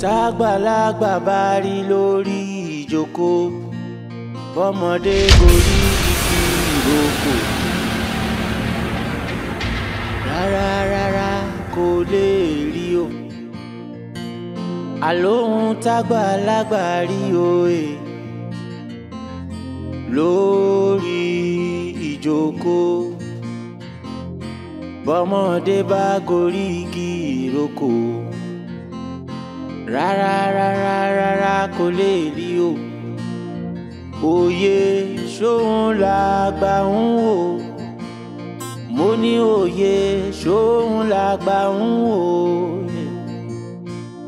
tágbàlagbà bá rí lórí ìjókòó bọ́mọdé gorí igi ìrókò rárá rárá kò lè rí o àlóhun tágbàlagbà rí òye lórí ìjókòó bọ́mọdé bá gorí igi ìrókò rárá rárá rárá kò lè rí o òye ṣóun làgbà ń wò mo ní òye ṣóun làgbà ń wò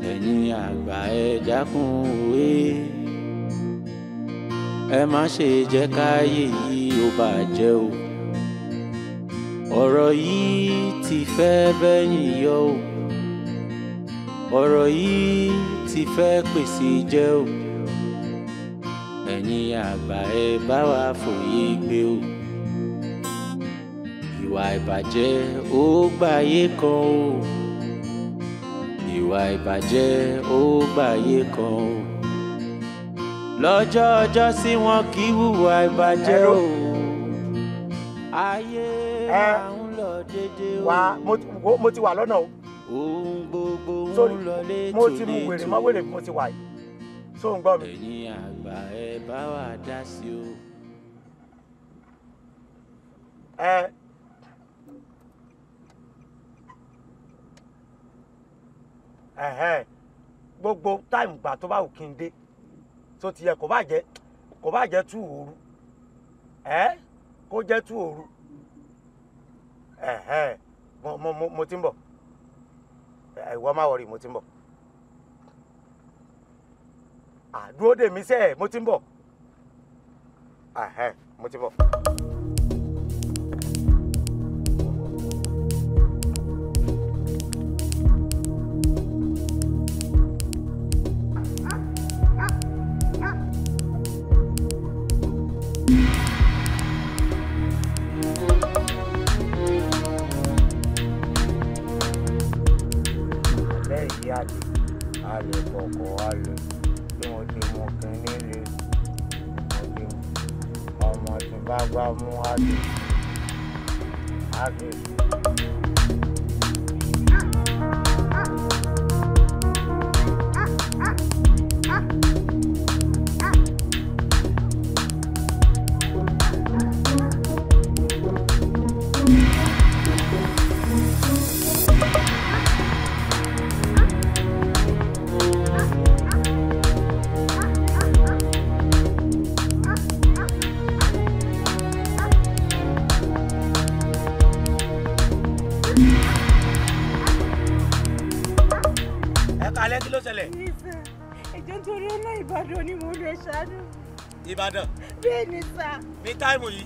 ẹ̀yin àgbà ẹ dákun òwe ẹ má ṣe jẹ́ káyé yìí ó bàjẹ́ o ọ̀rọ̀ yìí ti fẹ́ bẹ́yìn yọ o ọ̀rọ̀ yìí ti fẹ́ pèsè jẹ́ o ẹ̀yin àgbà ẹ bá wa fòye gbé o ìwà ìbàjẹ́ ó gbàyé kan o ìwà ìbàjẹ́ ó gbàyé kan o lọ́jọ́ ọjọ́ sí wọn kì í hùwà ìbàjẹ́ o ayé àwọn lọ déédéé o. wà mo ti wà lọ́nà o sórí mo ti mu wèrè mọ́ wèrè mo ti wà yìí so ń gbọ́ mi. ẹ̀yin àgbà ẹ bá wa dá sí o. ẹ ẹ̀hẹ́n gbogbo táìmù gbà tó bá wù kí n dé tó ti yẹ kó bá jẹ kó bá jẹ tú òru ẹ kó jẹ tú òru ẹ̀hẹ́n mo mo mo ti ń bọ̀. Eh, ìwọ má wọrí mo ti ń bọ̀ àdúró ah, dèmí sẹ́ẹ̀ mo ti ń bọ̀ mo ti bọ̀. salvo um rádio. bẹ́ẹ̀ ni sà. ní táìmù yìí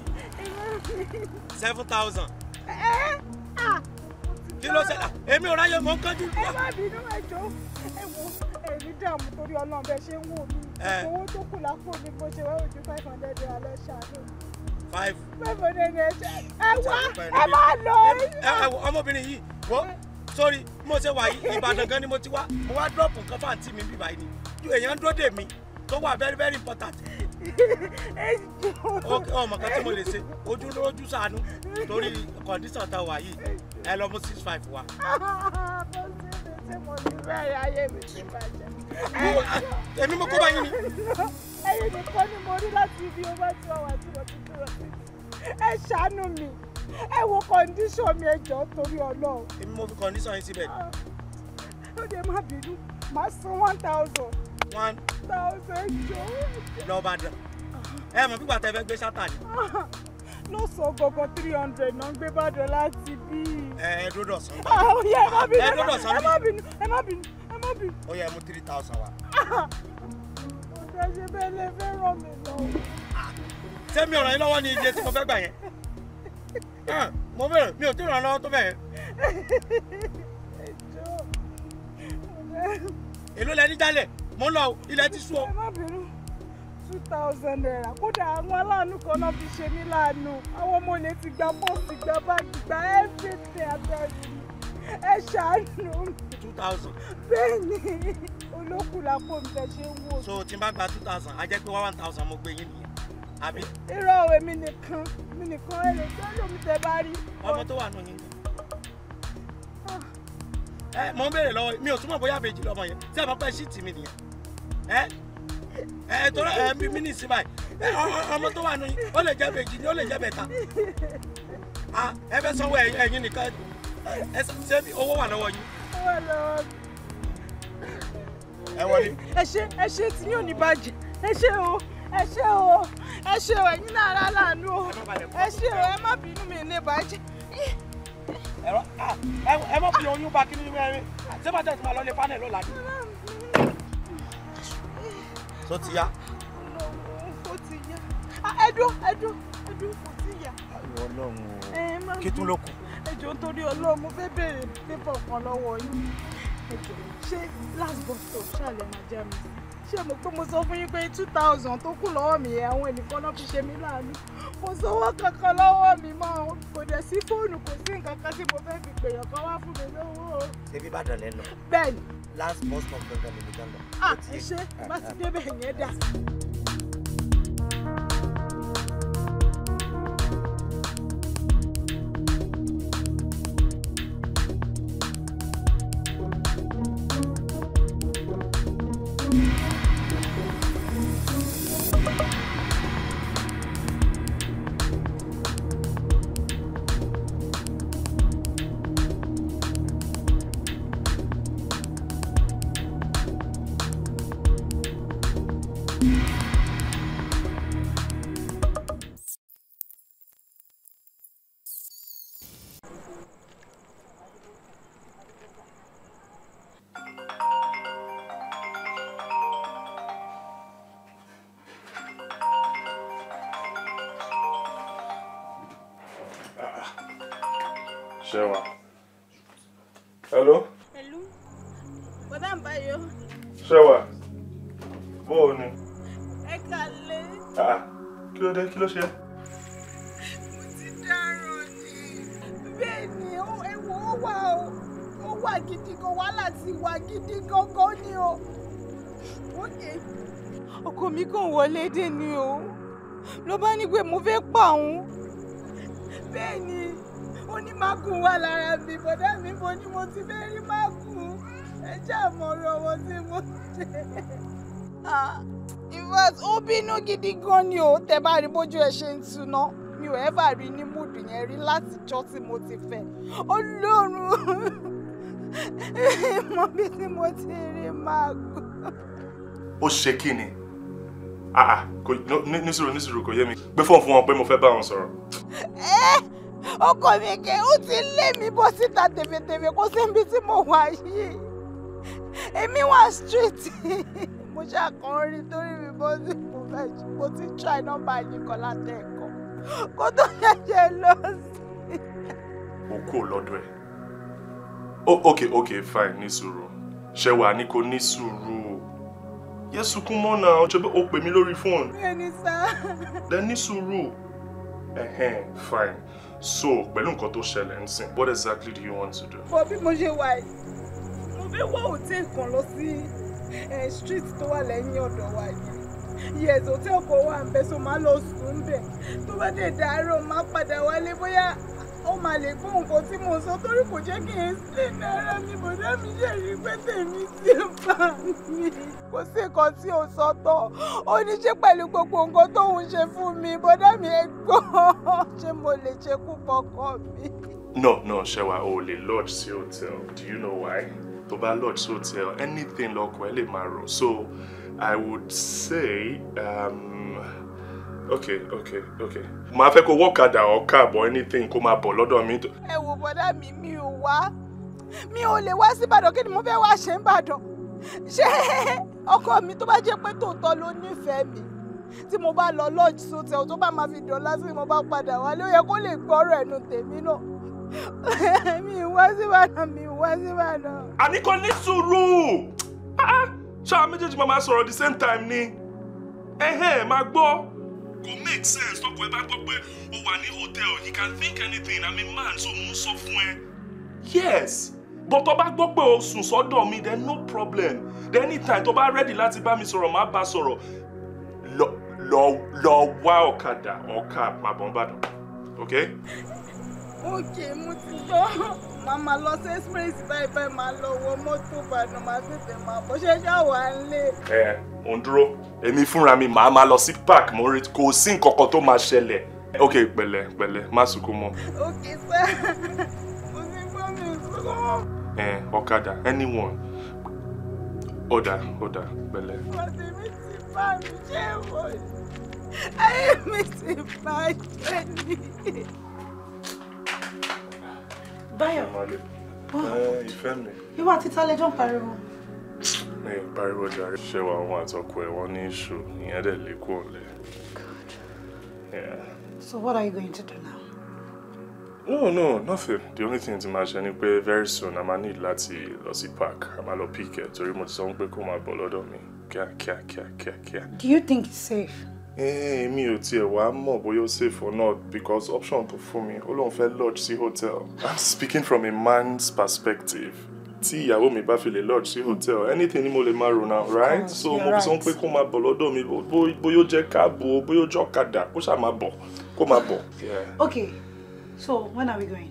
seven thousand. Ah, kí ló ṣẹlẹ̀ èmi ò ráyè mọ́ kánjú. ẹ má bínú ẹjọ́ ẹ wo èmi dààmú torí ọlọ́run bẹ́ẹ̀ ṣe ń wò mí owó tó kù lápò mi mo ṣe wá ojú five hundred naira lọ ṣàánú. five five hundred naira ẹ wá ẹ má lọ. ẹ wọ ọmọbìnrin yìí wọ sórí mo ṣe wà yìí Ìbàdàn gan ni mo ti wá mo wá dọ́ọ̀pù nǹkan fáǹtì mi bíbá yìí ni èèyàn dúró dè mí tó wà very very important ọmọ kan tí mo lè ṣe ojú lójú sànú torí kọ̀ǹdíṣàn tá a wà yìí ẹ lọ mú six five wa. èmi mo kó bá yín ni. ẹyin nìkan ni mo rí láti ibi owó tí wọn wà tí wọn ti dúró sí ẹ ṣàánú mi ẹ wo kọ̀ǹdíṣàn mi ẹ jọ̀ọ́ torí Ọlọ́run. èmi mo fi kọ̀ǹdíṣàn yín síbẹ̀. ó dé má bínú màá san one thousand one lọ́ba dẹ̀ ẹ mọ̀ pípa tẹ fẹ́ gbé ṣátà ni. ló sọ gọgọ three hundred No, ń gbé bàdẹ láti bí. ẹ ẹ dúdọ̀ sọ. ọyẹ ẹ má bínú ẹ dúdọ̀ sọ ẹ má bínú ẹ má bínú ẹ má three thousand wa. ọ̀dọ̀ ṣe bẹ́ẹ̀ lè fẹ́ ah, ràn now. lọ́wọ́. me ọ̀ràn yín lọ́wọ́ ni iye tí mo fẹ́ gbà yẹn ah, mo bẹ̀rẹ̀ mi ò tí ì ràn lọ́wọ́ tó bẹ̀ yẹn. èló lẹ ní jálẹ̀ mo lọ ilẹ̀ ti sú o. ẹ má bínú two thousand naira kódà àwọn aláàánú kan náà fi ṣe mí láàánú àwọn ọmọ olè ti gba bọ́ọ̀sì gba báàgì gba ẹ́ẹ́dẹ́gbẹ̀tẹ̀ àtẹ̀sí ẹ ṣàánú two thousand. bẹ́ẹ̀ ni olókùn làpò mi fẹ́ ṣe ń wò. so tí n bá gba two thousand a jẹ́ pé one thousand mo gbé yín nìyẹn àbí. irọ́ èmi nìkan mi nìkan ẹ̀rẹ̀ tó lómi tẹ bá rí. ọmọ tó wà nù yín ẹ mò ń béèrè lọ́wọ́ mi ò túmọ̀ bóyá àbèjì lọ́mọ yẹn tí a máa pẹ́ sí tì mí nìyẹn ẹ ẹ tó ẹ bí mí ní ìsinmi báyìí ọmọ tó wà nìyí ó lè jẹ́ àbèjì ni ó lè jẹ́ bẹ̀ta ẹ fẹ́ sanwó ẹ̀yin nìkan ẹ ṣe owó wà lọ́wọ́ yín. ẹ wọlé. ẹ ṣe ẹ ṣe tí yóò ní bàjẹ́ ẹ ṣe o ẹ ṣe o ẹ ṣe o ẹ̀yin náà ara láàánú o ẹ ṣe o ẹ má bínú mi ní bàjẹ́ ẹ̀rọ ẹ mọ̀ fi oyún bá kí ni mẹ́rin ṣé bàtà tí màá lọ lé panel lọ́la ni. tó ti yá. ó ti yá ẹdún ẹdún ẹdún kò ti yá. ayọ̀ ọlọ́run o kí tún ló ẹjọ́ torí ọlọ́run mo fẹ́ bèèrè pépà kan lọ́wọ́ yín ṣé last bus stop ṣàlẹ̀ máa jẹ́ mi ṣé mo pé mo sọ fún yín pé two thousand tó kù lọ́wọ́ mi àwọn ènìkan náà fi ṣe mí láàánú kò sówó kankan lọ́wọ́ mi mọ́ kò dẹ̀ sí fóònù kò sí nǹkan kan tí mo fẹ́ fi pèèyàn kan wá fún mi lówó. ṣebí Ìbàdàn lẹ lọ. bẹ́ẹ̀ni. last month of gangan lèmi gan lọ. ah ẹ ṣe bá ah, ti ah. débẹ̀ yẹn dà. ọ̀hún bẹ́ẹ̀ ni ó wà lára mi bọ̀dá mi mo ní mo ti fẹ́ rí mágùn ẹ jẹ́ ọwọ́ tí mo ṣe. in fact ó bínú gidi gan ni o tẹ bá rí bójú ẹ ṣe ń tuná mi ò ẹ́fà rí ní múdù yẹn rí látijọ́ tí mo ti fẹ́ ọlọ́run mo bí tí mo ti rí mágùn. ó ṣe kí ni. Ah, ah kò nísìrò nísìrò kò yé mi gbé fóònù fún wọn pé mo fẹ́ bá wọn sọ̀rọ̀. ẹ eh, ọkọ mi kẹ ó ti lé mi bọ́ síta tèfètèfè kó síbi tí mo wà yìí èmi wà street mo ṣàkàn rí torí mi bọ́ sí mo fẹ́ mo ti try nọ́mbà yìí kan látẹ̀kọ́ kó tó ṣẹ̀ṣẹ̀ lọ sí. o kú lọ́dọ̀ ẹ̀ ok ok fine ní sùúrù ṣe wà ní kò ní sùúrù yẹ sunkún mọ́ náà ọjọ́ pé o pè mí lórí fóònù. bẹ́ẹ̀ni sá. dẹ ní sùúrù ẹ̀hẹ́n fine so pẹ̀lú nǹkan tó ṣẹlẹ̀ ń sìn what exactly do you want to do. fọ bí mo ṣe wà yìí mo fẹ́ wá hòtẹ́ẹ̀lì kan lọ sí street tó wà lẹ́yìn ọ̀dọ̀ wa yìí yes hòtẹ́ẹ̀lì kan wà ń bẹ so máa lọ sùn ń bẹ̀ tó bá dẹ̀ dàárọ̀ máa padà wálé bóyá ó máa lè gbọ́ nǹkan tí mo sọ torí kò jẹ́ kí n explain ara mi bọ̀dá mi lè rí pé tèmi ti bá mi. kò sí nǹkan tí ò sọ tọ́ ó ní ṣe pẹ̀lú gbogbo nǹkan tóun ṣe fún mi bọ̀dá mi ẹ gbọ́ ṣé mo lè ṣekú pọkọ mi. no no ṣẹwa o lè lodge sí hotel do you know why tó bá lodge sí hotel anything lọkọ ẹ lè máa rò so i would say. Um, ok ok ok màá fẹ́ kó wọ́kadà ọ̀ka àbọ̀ anything kó máa bọ̀ lọ́dọ̀ mi. ẹ wo bọ́dá mi mi ò wá mi ò lè wá sí kí ni mo fẹ́ wá ṣe ń bàdàn ṣé ọkọ mi tó bá jẹ́ pé tòótọ́ ló nífẹ̀ẹ́ mi tí mo bá lọ lọ́ọ̀jì sóòtẹ́ ò tó bá máa fi dọ̀la sí mo bá padà wálé ó yẹ kó lè gbọ́rọ̀ ẹnu tèmi náà mi wá síbàdàn mi wá síbàdàn. àníkò ní sùúrù ah, ah. ṣáà méjèèjì máa sọ̀rọ̀ the same time ni ẹ̀hẹ́n máa gbọ́ kò make sense tọkọ ẹ bá gbọ́ pé o wà ní hotel you can think anything i'm a man so mo ń sọ fún ẹ. yes but tó bá gbọ́ pé o sùn sọ́dọ̀ mi then no problem then anytime tó bá ready láti bá mi sọ̀rọ̀ má bá sọ̀rọ̀ lọ lọ lọ wá ọ̀kadà ọ̀ka màbọ̀nbàdàn ok. ok mo ti gbọ́ màá máa lọ sí experience báyìí máa lọ wọ mọ́tò ìbàdàn máa tètè máa bọ́ ṣe ṣá wà á lé. ẹ ò ń dúró èmi fúnra mi màá máa lọ sí park mo rí kò sí nǹkan kan tó máa ṣẹlẹ̀ ok pẹ̀lẹ́ pẹ̀lẹ́ má sunkún mọ́. ok sir mo ti gbọ́ mi ìṣòro. ẹ ọ̀kadà anyone ọ̀dà ọ̀dà pẹ̀lẹ́. ọ̀sẹ̀ mi ti bá mi jẹ́ ìwọ̀n ayé mi ti bá jẹ́ ni. Báyọ̀. Ìfẹ́ You want to tell a pariwo. Ní pariwo jàre. Ṣé wàá wọn àtọkọ ẹ̀ wọ́n ní ìṣù ìyẹn dẹ̀ lè Yeah. So what are you going to do now? No, no, nothing. The only thing tí máa ṣe very soon I'm gonna need láti lọ park. I'm gonna lọ pick ẹ̀ torí mo ti sọ pé kó máa bọ̀ lọ́dọ̀ mi kíákíákíákíá. Do you think it's safe? èmi eh, eh, ò tiẹ̀ wá mọ̀ bóyá ó safe or not because option tó fún mi ó lóun fẹ́ lodge sí hotel i'm speaking from a man's perspective tí ìyàwó mi bá fi lè lodge sí hotel anything ni mo lè máa rò now right so mo fi sọ pé kó máa bọ̀ lọ́dọ̀ mi bóyá ó jẹ́ káàbù o bóyá ó jẹ́ ọ̀kadà kó ṣáà máa bọ̀ kó máa bọ̀. okay so when are we going.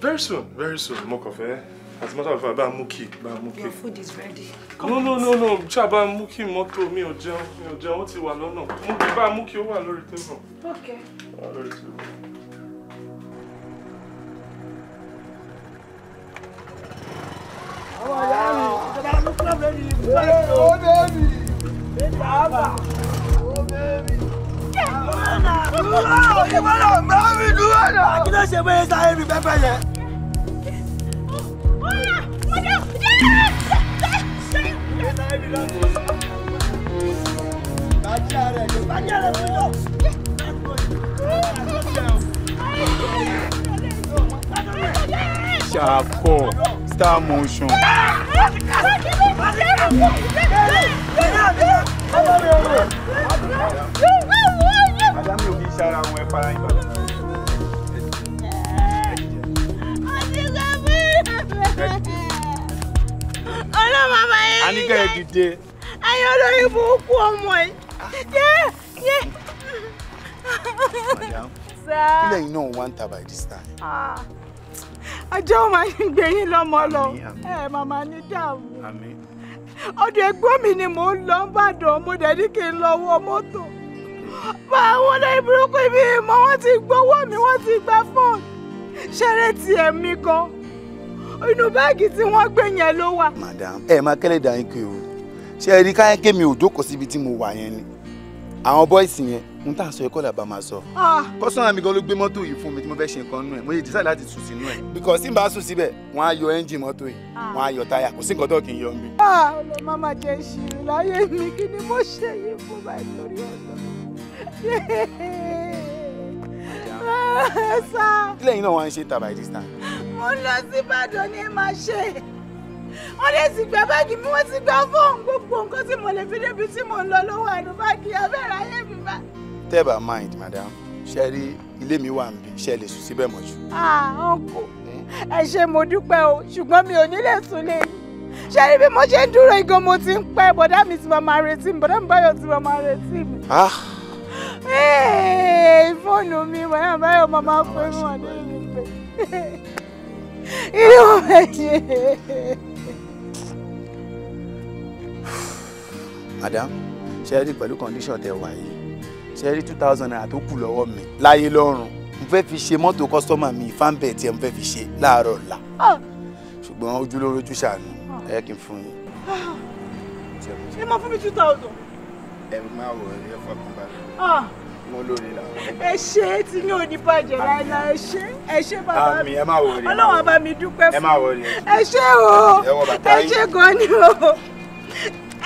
very soon very soon mo kàn fẹ́ as a matter of fact bá your food is ready. no no no no ṣá bá mú kí mọ́tò mi ò jẹun mi ò jẹun ó ti wà lọ́nà mú kí bá mú kí ó wà lórí table. okay. baby, lórí table. àwọn oh, baby, mi ìjọba mú oh, baby, lórí ìfúnpá ètò. baby, bẹ́ẹ̀ mi. ètò baby, ó bẹ́ẹ̀ mi. baby, náà! Ìwọ́n náà! baby, náà! Mẹ́rin dúró baby, Kí ló ṣe baby, sáré mi pẹ́pẹ́ yẹn? Ṣàkó star ọlọ́run bàbá yẹn ní. àníkẹ́ ẹ dìde. ayé olórí burúkú ọmọ yìí. yé yé. kílẹ̀ yìí náà wá ń ta by this time. ajọ́ ah. ò máa ń gbé yín lọ́mọ lọ ẹ màmá ní dààmú. ọ̀dọ̀ ẹ̀gbọ́n mi ni mò ń lọ ń bàdàn mo dẹ̀ ní kí n lọ wọ mọ́tò. bá àwọn olórí burúkú ibi ìmọ̀ wọ́n ti gbowó mi wọ́n ti gba fóònù. ṣeré tiẹ̀ mi kan inú báàgì tí wọ́n gbé yẹn ló wà. madam ẹ máa kẹ́lẹ́ dà yín kí o ṣe ẹ rí káyọ̀ kémi ò jókòó síbi tí mo wà yẹn ni àwọn bọ́ìsì yẹn n tà sọ ẹkọ làbá máa sọ. kọ́sọ́nà ah. mi gan ló gbé mọ́tò yìí fún mi tí mo fẹ́ ṣe nǹkan nù ẹ̀ mo yẹ dísà láti sùn sínú ẹ̀. bíkọ́ tí n bá sùn síbẹ̀ wọ́n á yọ ẹ́ńjìn mọ́tò yìí ah. wọ́n á yọ táyà kò sí nǹkan tó kì í yọ mi. ọlọ mama jẹ ìṣirò láyé mi kí ni mo ṣe yìí fún báyìí lórí ọ̀dọ́. Ah, kílẹ̀ yìí náà wọ́n á ń ṣe tàbí àìdísítà mo lọ sí ìbàdàn ní máa ṣe wọ́n lè sì gba báàgì mi wọ́n sì gba fóònù gbogbo nǹkan tí mo lè fi débi tí mo ń lọ lọ́wọ́ àánú báàgì abẹ́rẹ́ ayé mi bá. tẹ́ẹ̀bà mind madam ṣe rí ilé mi wà níbi ṣe lè sùn síbẹ̀ mọ́ ah ọkọ ẹ ṣe mo dúpẹ́ o ṣùgbọ́n mi ò ní lè sùn lé ṣe rí bí mo ṣe ń dúró igan mo ti ń pẹ́ bọ̀dá mi ti máa retí mi bọ̀dá mi báyọ̀ ti máa retí mi. ah fóònù mi wọ́n yà báyọ̀ máa pé wọn ní ìgbẹ́. Ilé ọ̀rẹ́ yẹ. Madam, ṣe rí pẹ̀lú condition tẹ wà yìí, ṣe rí two thousand naira tó kù lọ́wọ́ mi láyé lọ́rùn. Mo fẹ́ fi ṣe mọ́tò kọ́sítọ́mà mi ìfáǹbẹ̀ tiẹ̀ mo fẹ́ fi ṣe láàárọ̀ ọ̀la. Ah! Ṣùgbọ́n ojúlówó ojú ṣàánú, ah! ẹ kì í fún yín. Ah! Ẹ máa fún mo lórí la. ẹ ṣe tí ní bàjẹ́ láìla ẹ ṣe ẹ ṣe bàbá mi ẹ má wọlé ọlọ́wọ́n bá mi dúpẹ́ fún ẹ ẹ ṣe o ẹ ṣe gan ni o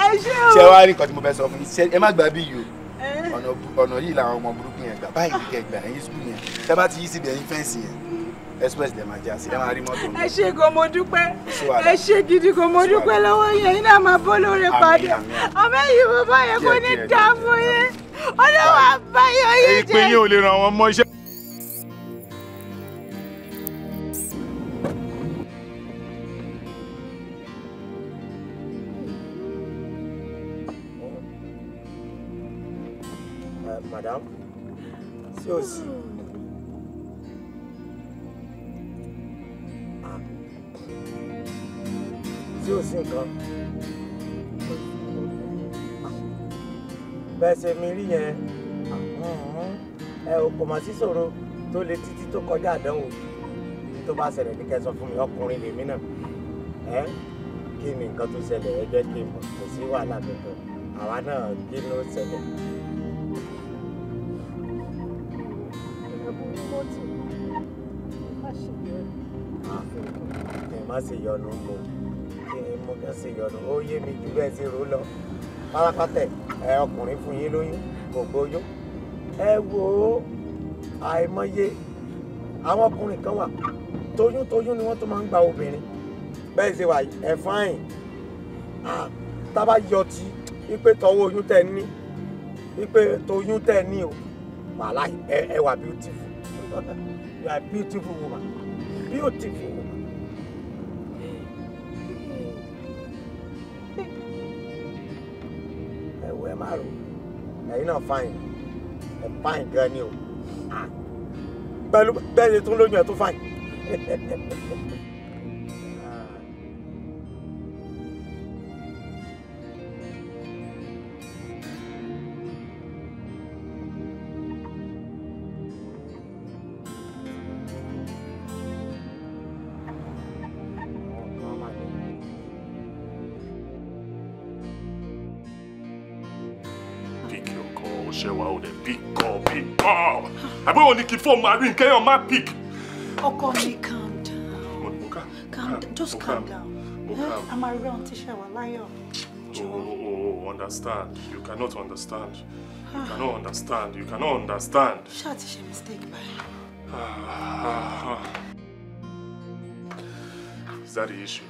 ẹ ṣe o. ṣé wàá rí nǹkan tí mo fẹ́ sọ fún yín ẹ má gbà bí yìí o ọ̀nà yìí làwọn ọmọ burúkú yẹn gbà báyìí kẹgbà ẹ̀yìn sùkúl yẹn tẹ́ bá ti yí síbi ẹ̀yìn fẹ́ǹsì yẹn express lè máa jẹ àṣẹ ẹ máa rí mọ́tò. ẹ ṣe kò mo dúpẹ́ ẹ ṣe gidi kò mo dúpẹ́ lọ́wọ́ yẹn iná máa bọ́ lóore padà ọmọ yìí mo bá yẹ kó ní dààmú yẹn ọlọ́wọ́ àbáyọ yìí jẹ́. ìpín yìí ò lè ràn wọ́n mọ́ṣẹ́. madam ṣé o sì. nǹkan bẹ́ẹ̀ ṣe mi rí yẹn ẹ ò kò mọ̀ sí ṣòro tó le títí tó kọjá àdánwò ibi tó bá ṣẹlẹ̀ ní kẹsàn fún mi ọkùnrin lèmi náà ẹ kí ni nǹkan tó ṣẹlẹ̀ ẹ jẹ́ kí n mọ̀ kò sí wàhálà kankan àwa náà kí ló ṣẹlẹ̀. kì má ṣe yọnu mọ́. Ah, yọ sí ìyọnu ó yé mi jù bẹ́ẹ̀ ti rò lọ pátápátẹ̀ ẹ ọkùnrin fún yín lóyún kò gbóyún ẹ wò ó àìmọye àwọn ọkùnrin kan wà tóyún tóyún ni wọ́n tó máa ń gba obìnrin bẹ́ẹ̀ ṣe wà ẹ fáìn tábà yọ tí wípé tọwọ́ oyún tẹ̀ ní wípé tóyún tẹ̀ ní o wàhálà ẹ wà beautiful you are beautiful woman beautiful woman. fine o ẹ̀yin náà fine ẹ̀ fine gan ni o ah. pẹ̀lú bẹ́ẹ̀ ni tún lóyún ẹ̀ tún fine. náà ni kí fóònù máa rí kéèyàn má pick. ọkọ mi calm down calm, down just calm down a máa rí ohun tí ṣe wà láyọ̀. Oh oh, oh, oh, understand. You cannot understand. You ah. cannot understand. You cannot understand. Ṣáàtì ṣe mistake báyìí. Is that the issue?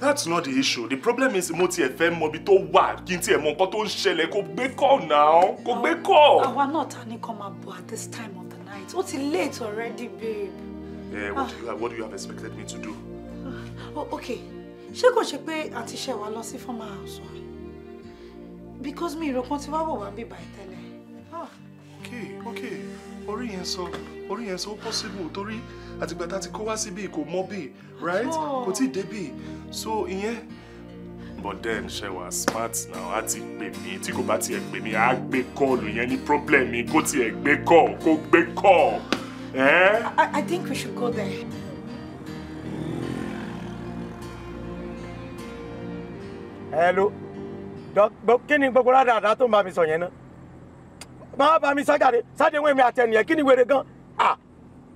That's not the issue. The problem is mo tiẹ̀ fẹ́ mọ ibi tó wà kí n tiẹ̀ mọ nǹkan tó ń call now. Ko gbé call. Àwa not ta ni kò máa bọ̀ at this time night. Ó ti late already, babe. Yeah. what, ah. do you have, what do you have expected me to do? Ah, oh, okay. Ṣé kò ṣe pé àti ṣe wá lọ sí house Because me ìrọ̀kan ti wá wò wá ah. Okay, okay. Orí yẹn sọ, orí possible Tori àtìgbà tá ti kó wá síbí right? Kò debi. ì débì. So ìyẹn but then ṣe wà smart now á ti pè mí tí kò bá tiẹ̀ pè mí á gbé kọ́ọ̀lù yẹn ní problem kó tiẹ̀ gbé kọ́ kó gbé kọ́ eh? I think we should go there. hello kí ni gbogbo rádàrá tó ń bá mi sọ yẹn náà máa bá mi sájáde sáde wọn èmi àtẹnìyàn kí ni wèrè gan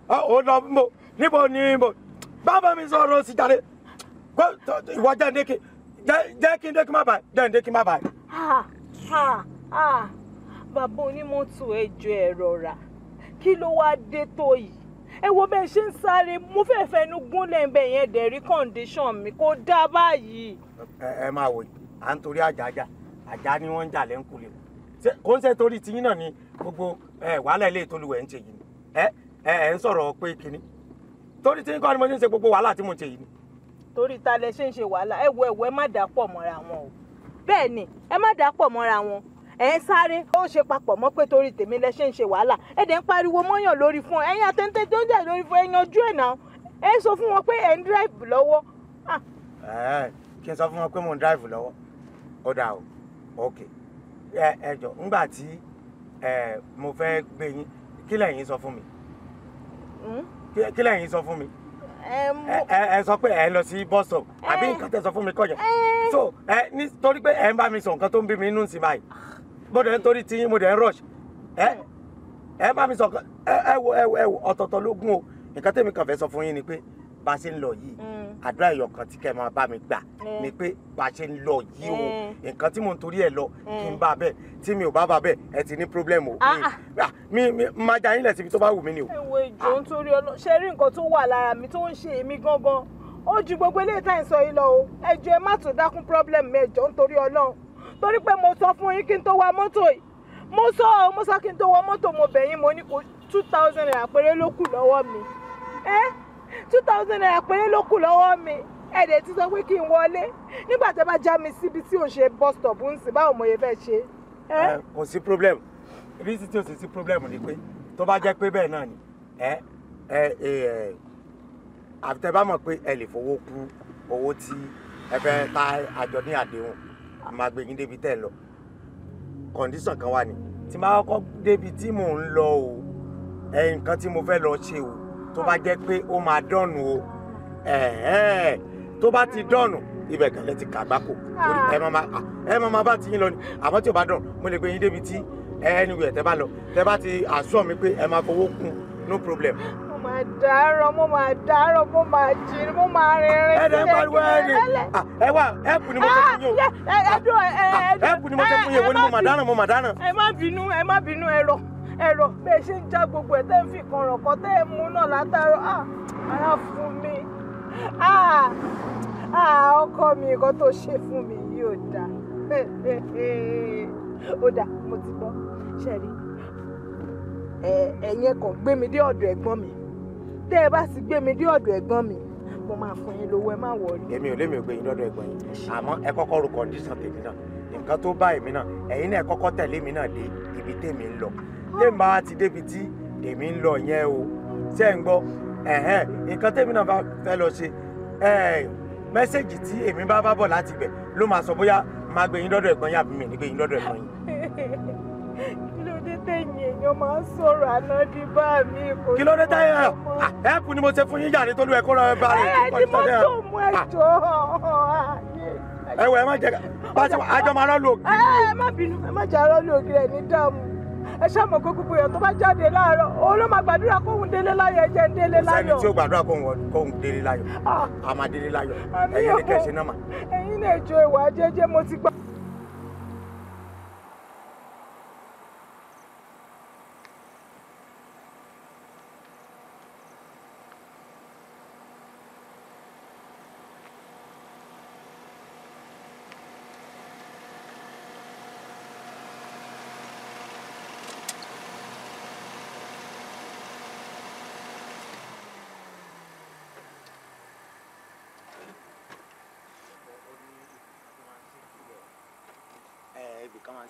ó lọ níbo níbo níbo bá bá mi sọ ọ̀rọ̀ sí jáde ìwọ kí jẹ́ kí n dé kí má bàá jẹ́ n kí má bàá. bàbá onímọ́tò ẹjọ́ ẹ rọra kí ló wáá dé tó yìí ẹ wo bẹ́ẹ̀ ṣe ń sáré mo fẹ́ fẹnu gúnlẹ̀ ń bẹ̀ yẹn dẹ̀ rí kọ́ndíṣọ̀n mi kò dá báyìí. ẹ máa wò à ń torí àjàjà àjà ni wọ́n ń jà lẹ́ńkulè kò ń ṣe torí tiyín náà ni gbogbo wàhálà ilé ìtolúwẹ̀ ń ṣe yìí ni ẹ ẹ ń sọ̀rọ̀ pé kínní torí tiyín kọ́ ni mo ti ń ṣe gbogbo wàhálà tí mo ń ṣe yìí ni torí ta lẹ ṣe ń ṣe wàhálà ẹ wo ẹ wo ẹ má dà pọ̀ mọ́ra wọn o bẹ́ẹ̀ ni ẹ má dà pọ̀ mọ́ra wọn ẹ ń sáré ó ṣe papọ̀ mọ́ pé torí tèmi lẹ ṣe ń ṣe wàhálà ẹ dẹ̀ ń pariwo mọ́yàn lórí fún ẹ ẹ̀yin àtẹ̀ǹtẹ̀ tó ń jà lórí fún ẹ yanjú ẹ̀ náà ẹ sọ fún wọn pé ẹ ń dráìbù lọ́wọ́. Ah. kí n sọ fún wọn pé mò ń dráìbù lọ́wọ́ ó dà o ok ẹ jọ ńgbà tí mo fẹ́ gbé yín kí lẹ̀yin sọ fún mi hmm? kí lẹ̀yin sọ fún mi ẹ sọ pé ẹ lọ sí bus stop àbí nǹkan tẹ sọ fún mi kọ yẹn so ẹ nítorí pé ẹ ń bá mi sọ nǹkan tó ń bí mi inú sí báyìí mo dẹ̀ ń torí tí mo dẹ̀ ń rush ẹ ẹ bá mi sọ ẹ wo ẹ wo ọ̀tọ̀ọ̀tọ̀ lógún o nǹkan tẹ̀mí kan fẹ́ sọ fún yín ni pé bá ṣe ń lọ yìí mm. àdúrà ẹ̀yọ̀ kan tí kẹ́ máa bá mi gbà mm. ni pé bá ṣe ń lọ yìí o mm. nǹkan tí mò ń torí ẹ̀ lọ kí n bá bẹ́ẹ̀ tí mi ò bá bá bẹ́ẹ̀ ẹ ti ní pírọ́blẹ́mù o ah, mi ah. máa jà yín lẹ̀ síbi tó bá wù mí ni o. èwo ìjò ń torí ọ ṣe rí nǹkan tó wà lára mi tó ń ṣe èmi gangan ó ju gbogbo ilé ìta ìsọ yìí lọ o ẹ jọ̀ọ́ ẹ má tún dákún pírọ́blẹ́mù mi ẹ jọ̀ọ́ nítorí Ọlọ́run torí pé mo sọ fún yín kí n tó wa mọ́tò mo sọ ọ mo sọ kí n tó wa mọ́tò mo bẹ̀ mo ní kó two thousand naira péré ló kù lọ́wọ́ mi. Eh? two thousand naira péré ló kù lọ́wọ́ mi ẹ̀ẹ́dẹ̀ ti sọ pé kí n wọlé nígbà tí a bá já mi síbi tí òun ṣe bus stop ń sìn báwo mo yẹ fẹ́ ṣe. kò sí problem ibi tí tí o sì sí problem ni pé tó bá jẹ́ pé bẹ́ẹ̀ náà ni ẹ ẹ ẹ àtẹ bá mọ̀ pé ẹ lè fowó kú owó tí ẹ fẹ́ ta àjọ ní àdéhùn máa gbé yín débi tẹ́ lọ condition kan wà ní tí máa kọ́ débi tí mò ń lọ o ẹ nǹkan tí mo fẹ́ lọ ṣe o tó bá jẹ́ pé ó máa dọ̀nù o tó bá ti dọ̀nù ibẹ̀ gàlẹ́ ti kàgbákò torí ah. ẹ máa ah, bá ti yín lọ ni àmọ́ tí ò bá dọ̀nù mo lè gbé yín débi tí anywhere tẹ bá lọ tẹ bá ti àṣọ mi pé ẹ máa fowó kún no problem. mo máa dárọ mo máa dárọ mo máa jí mo máa rìnrìn. ẹ dẹ́ ń ẹ ní ah, ẹ wá ni mo ṣe fún yín o ẹ̀pù ni mo ṣe fún yín o ni mo máa dáná mo máa dáná. ẹ má bínú ẹ má bínú ẹ rọ ẹ̀rọ bẹ́ẹ̀ ṣe ń já gbogbo ẹ̀ tẹ́ ń fi kànràn kan tẹ́ ẹ̀ mú náà látàárọ̀ ah, ara fún mi ah, ah, ọkọ mi nǹkan tó ṣe fún mi yìí ò dáa ó dáa mo ti gbọ́ ṣẹ́rí ẹ̀yin ẹ̀kan gbé mi dé ọ̀dọ̀ ẹ̀gbọ́n mi tẹ́ ẹ bá sì gbé mi dé ọ̀dọ̀ ẹ̀gbọ́n mi mo máa fún yín lówó ẹ má wọrí. èmi ò lémi ò gbé yín lọ́dọ̀ ẹ̀gbọ́n yín àmọ́ ẹ kọ́kọ́ ro kọ́ndíṣàn tèmi náà nǹkan tó bá èmi náà ẹ̀yin náà ẹ kọ́kọ́ tẹ̀lé mi náà dé ibi tèmi ń lọ tèmi bá ti débi tí tèmi ń lọ yẹn o ṣé ẹ̀ ń gbọ́ ẹ̀hẹ́n nǹkan tèmi náà fẹ́ lọ ṣe mẹ́sẹ̀gì tí èmi bá bá bọ̀ láti bẹ̀ ló máa sọ bóyá máa gbé yín lọ́dọ̀ ẹ̀gbọ́n yàbí mi ní gbé yín lọ́dọ̀ ẹ̀gbọ́n yín. kí ló dé tẹ̀yìn èèyàn máa ń sọ̀rọ̀ àná di bá mi kò ní. kí ló dé tẹ̀yìn ẹ̀ ẹ̀ kù ni mo ṣe fún yín yàrá tó lu ẹ̀kọ́ rẹ̀ bá rẹ̀. ẹ ti mọ tó mú ẹjọ́ ẹ wọ ah. ẹ má jẹ ká àjọ máa rọ́ lu ògiri. ẹ má bínú ẹ má jẹ arọ́ lu ògiri ẹ ní dààmú ẹ ṣàmọ̀ kó gbogbo èèyàn tó bá jáde láàárọ̀ òun ló máa gbàdúrà kóhun délé láyọ̀ ẹ jẹ́ ń délé láyọ̀. sẹ́ni tí ó gbàdúrà kóhun délé láyọ̀ ah. a máa délé láyọ̀ ẹ̀yin ni kẹ̀sìn náà mà. ẹ̀yin náà ètò ìwà jẹ́jẹ́ mo ti gbà.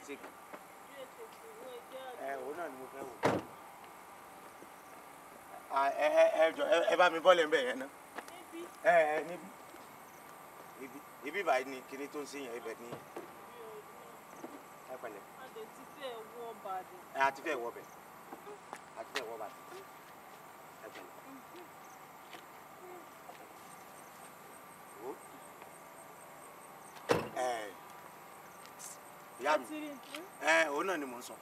ṣèkì ẹ òun náà ni mo fẹ́ wò ẹ ẹ ẹ jọ ẹ bá mi bọ́ọ̀lù ẹ̀ ń bẹ̀ yẹn ná ẹ ẹ níbí ibi ibi báyìí ni kinní tó ń ṣe yẹn ibẹ̀ ni ẹ pẹ̀lẹ́. àti fẹ́ wọ bẹ̀ àti fẹ́ wọ bàtà ẹ pẹ̀lẹ́. ìyá mi ẹ òun náà ni mò ń sọ.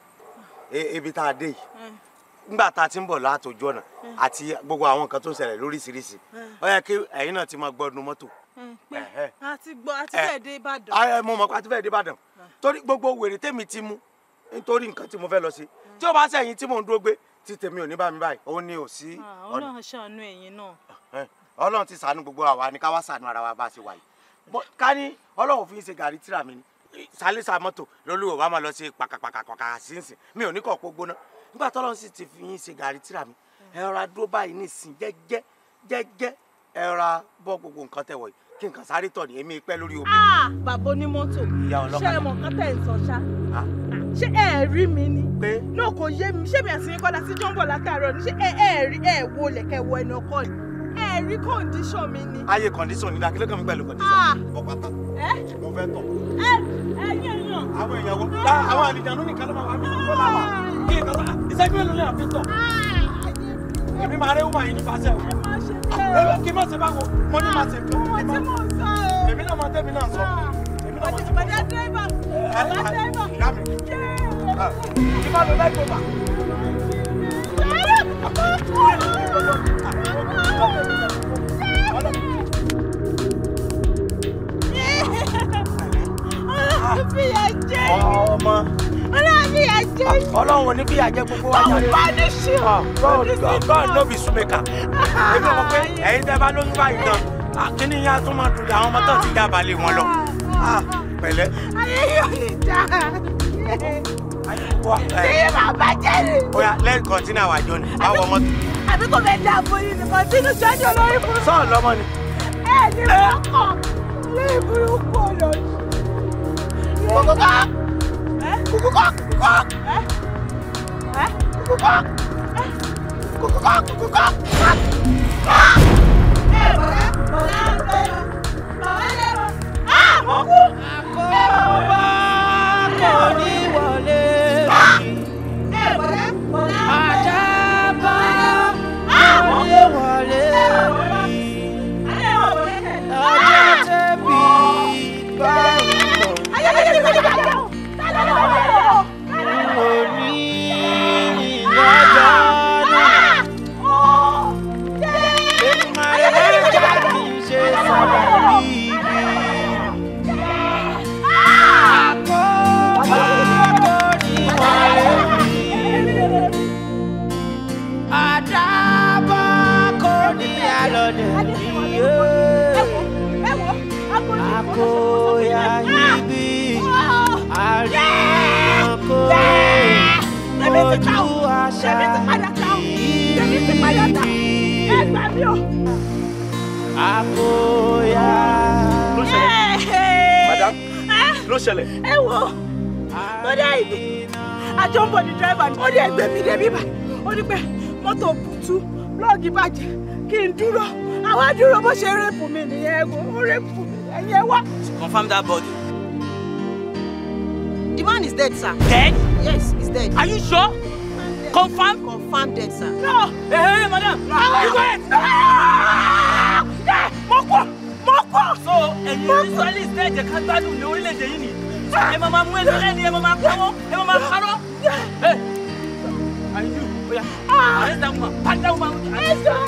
ebi tá a dé yìí ngbà tá a ti ń bọ̀ látòjú ọ̀nà àti gbogbo àwọn nǹkan tó ń ṣẹlẹ̀ lóríṣiríṣi ó yẹ kí ẹ̀yin náà ti máa gbọ́ ọdún mọ́tò. pé a ti gbọ́ a ti fẹ́ dé Ìbàdàn. mo mọ̀ pé a ti fẹ́ dé Ìbàdàn torí gbogbo wèrè tèmi ti mú nítorí nǹkan tí mo fẹ́ lọ sí tí ó bá sẹ́yìn tí mò ń dúró gbé tí tèmi ò ní bá mi báyìí ó ní ò sí ah, ọ̀nà. ti ṣàánú gbogbo àwa ni ká wá ṣàánú ara wa bá a ṣe wà yìí ká ní fi ń ṣe gàrí mi ni sálísà lolu lọ́lùwọ̀ wa máa lọ ṣe pàkàpàkàpàkà sínsìn mi ò ní kọ̀ pé gbóná nígbà tọ́lọ́ sì ti fi yín ṣe gàrí tíra mi ẹ̀rọ adúró báyìí nìsín jẹ́jẹ́ jẹ́jẹ́ ẹ̀rọ bọ́ gbogbo nǹkan tẹ̀wọ̀ yìí kí nǹkan sáré tọ̀ ní èmi pẹ́ lórí omi. Ah, bàbá onímọ́tò ṣé ẹ mọ̀ nǹkan tẹ̀ ń sọ ṣá ah. ṣé ẹ rí mi ni náà kò yé mi ṣé mi àti yín la sí jọ́ńbọ̀ látàárọ̀ ni ṣé ẹ ẹ rí ẹ wo lẹ̀kẹ́ wọ ẹnu ọkọ yìí ẹ rí condition mi ni. ayé condition ni dákìlẹ́ kan mi pẹ̀lú condition. mo ah. pátá eh? mo fẹ́ tọ̀. ẹ ẹ yẹ yàn. àwọn èèyàn wo ah, àwọn àlìjánu nìkan ló máa wà mí kó lá wà kí nǹkan lọ́la ìṣẹ́jú èlò lẹ́yìn àfihàn tọ̀. Ah. èmi máa rí wà yín nípasẹ̀ o. ẹ kí n má ṣe báwo mo ní máa ṣe tó. mo ti mọ̀ sọ o. èmi náà máa tẹ́mi náà sọ. èmi náà máa tẹ́mi náà sọ. bàjẹ́ dírẹ́bà eh, eh, bàjẹ́ dírẹ́bà. ìyá mi. ìbálòpọ̀ ọlọ́run ní bí àjẹ gbogbo wa jáde ah, god no be sumeka ebi ọmọ pé ẹ̀yin tẹ́ bá lóyún báyìí náà kíní yẹn tún máa dùn àwọn ọmọ tó ti dábàá lé wọn lọ ah, pẹ̀lẹ́. ayé yóò ní dáa ṣé bàbá jẹ́ ni. oya let's continue our journey. àwọn ọmọ. àbí kò fẹ́ dá àbò yìí nìkan sínú ṣáájú olórí fún. sọ́ọ̀ lọ́mọ ni. ẹ ní lọ́kọ̀ ní ìbúrúkú ọ̀nà. kùkùkọ́ kùkùkọ́ kùkùkọ́ kùkùkọ́ kùkùkọ́ kùkùkọ́. ẹ bọ̀dá bọ̀dá bọ̀dá bọ̀dá lẹ́wọ̀n. a mọ̀ kú. àkọ́ bá kò ní. mi o. àkóyá. ló ṣẹlẹ̀ madam ah. ló ṣẹlẹ̀. ẹ wo ó dá mi débi bá ó ní pé mọ́tò kùtù blọ́ọ̀gì bàjẹ́ kí n dúró àwa dúró bó mi nìyẹn ẹ̀gbọ́n ó rẹ́pù mi ẹ̀yẹ confirm that body. The man is dead, sir. Dead? Yes, he's dead. Are you sure? Confirm? confirm dead, sir. No! Hey, hey madam! No. You wait! Mo kú! Mo kú! So, ẹ̀yin Israelis tẹ́ ẹ̀jẹ̀ ká gbádùn ní orílẹ̀-èdè yìí ni. Ẹ máa máa mú ẹni lẹ́ni, ẹ máa máa pawọ́, ẹ máa máa parọ́. Àyíjú, bóyá. Àyíjú dàgbọ́n ma, pàdé dàgbọ́n ma. Ẹ̀sọ́!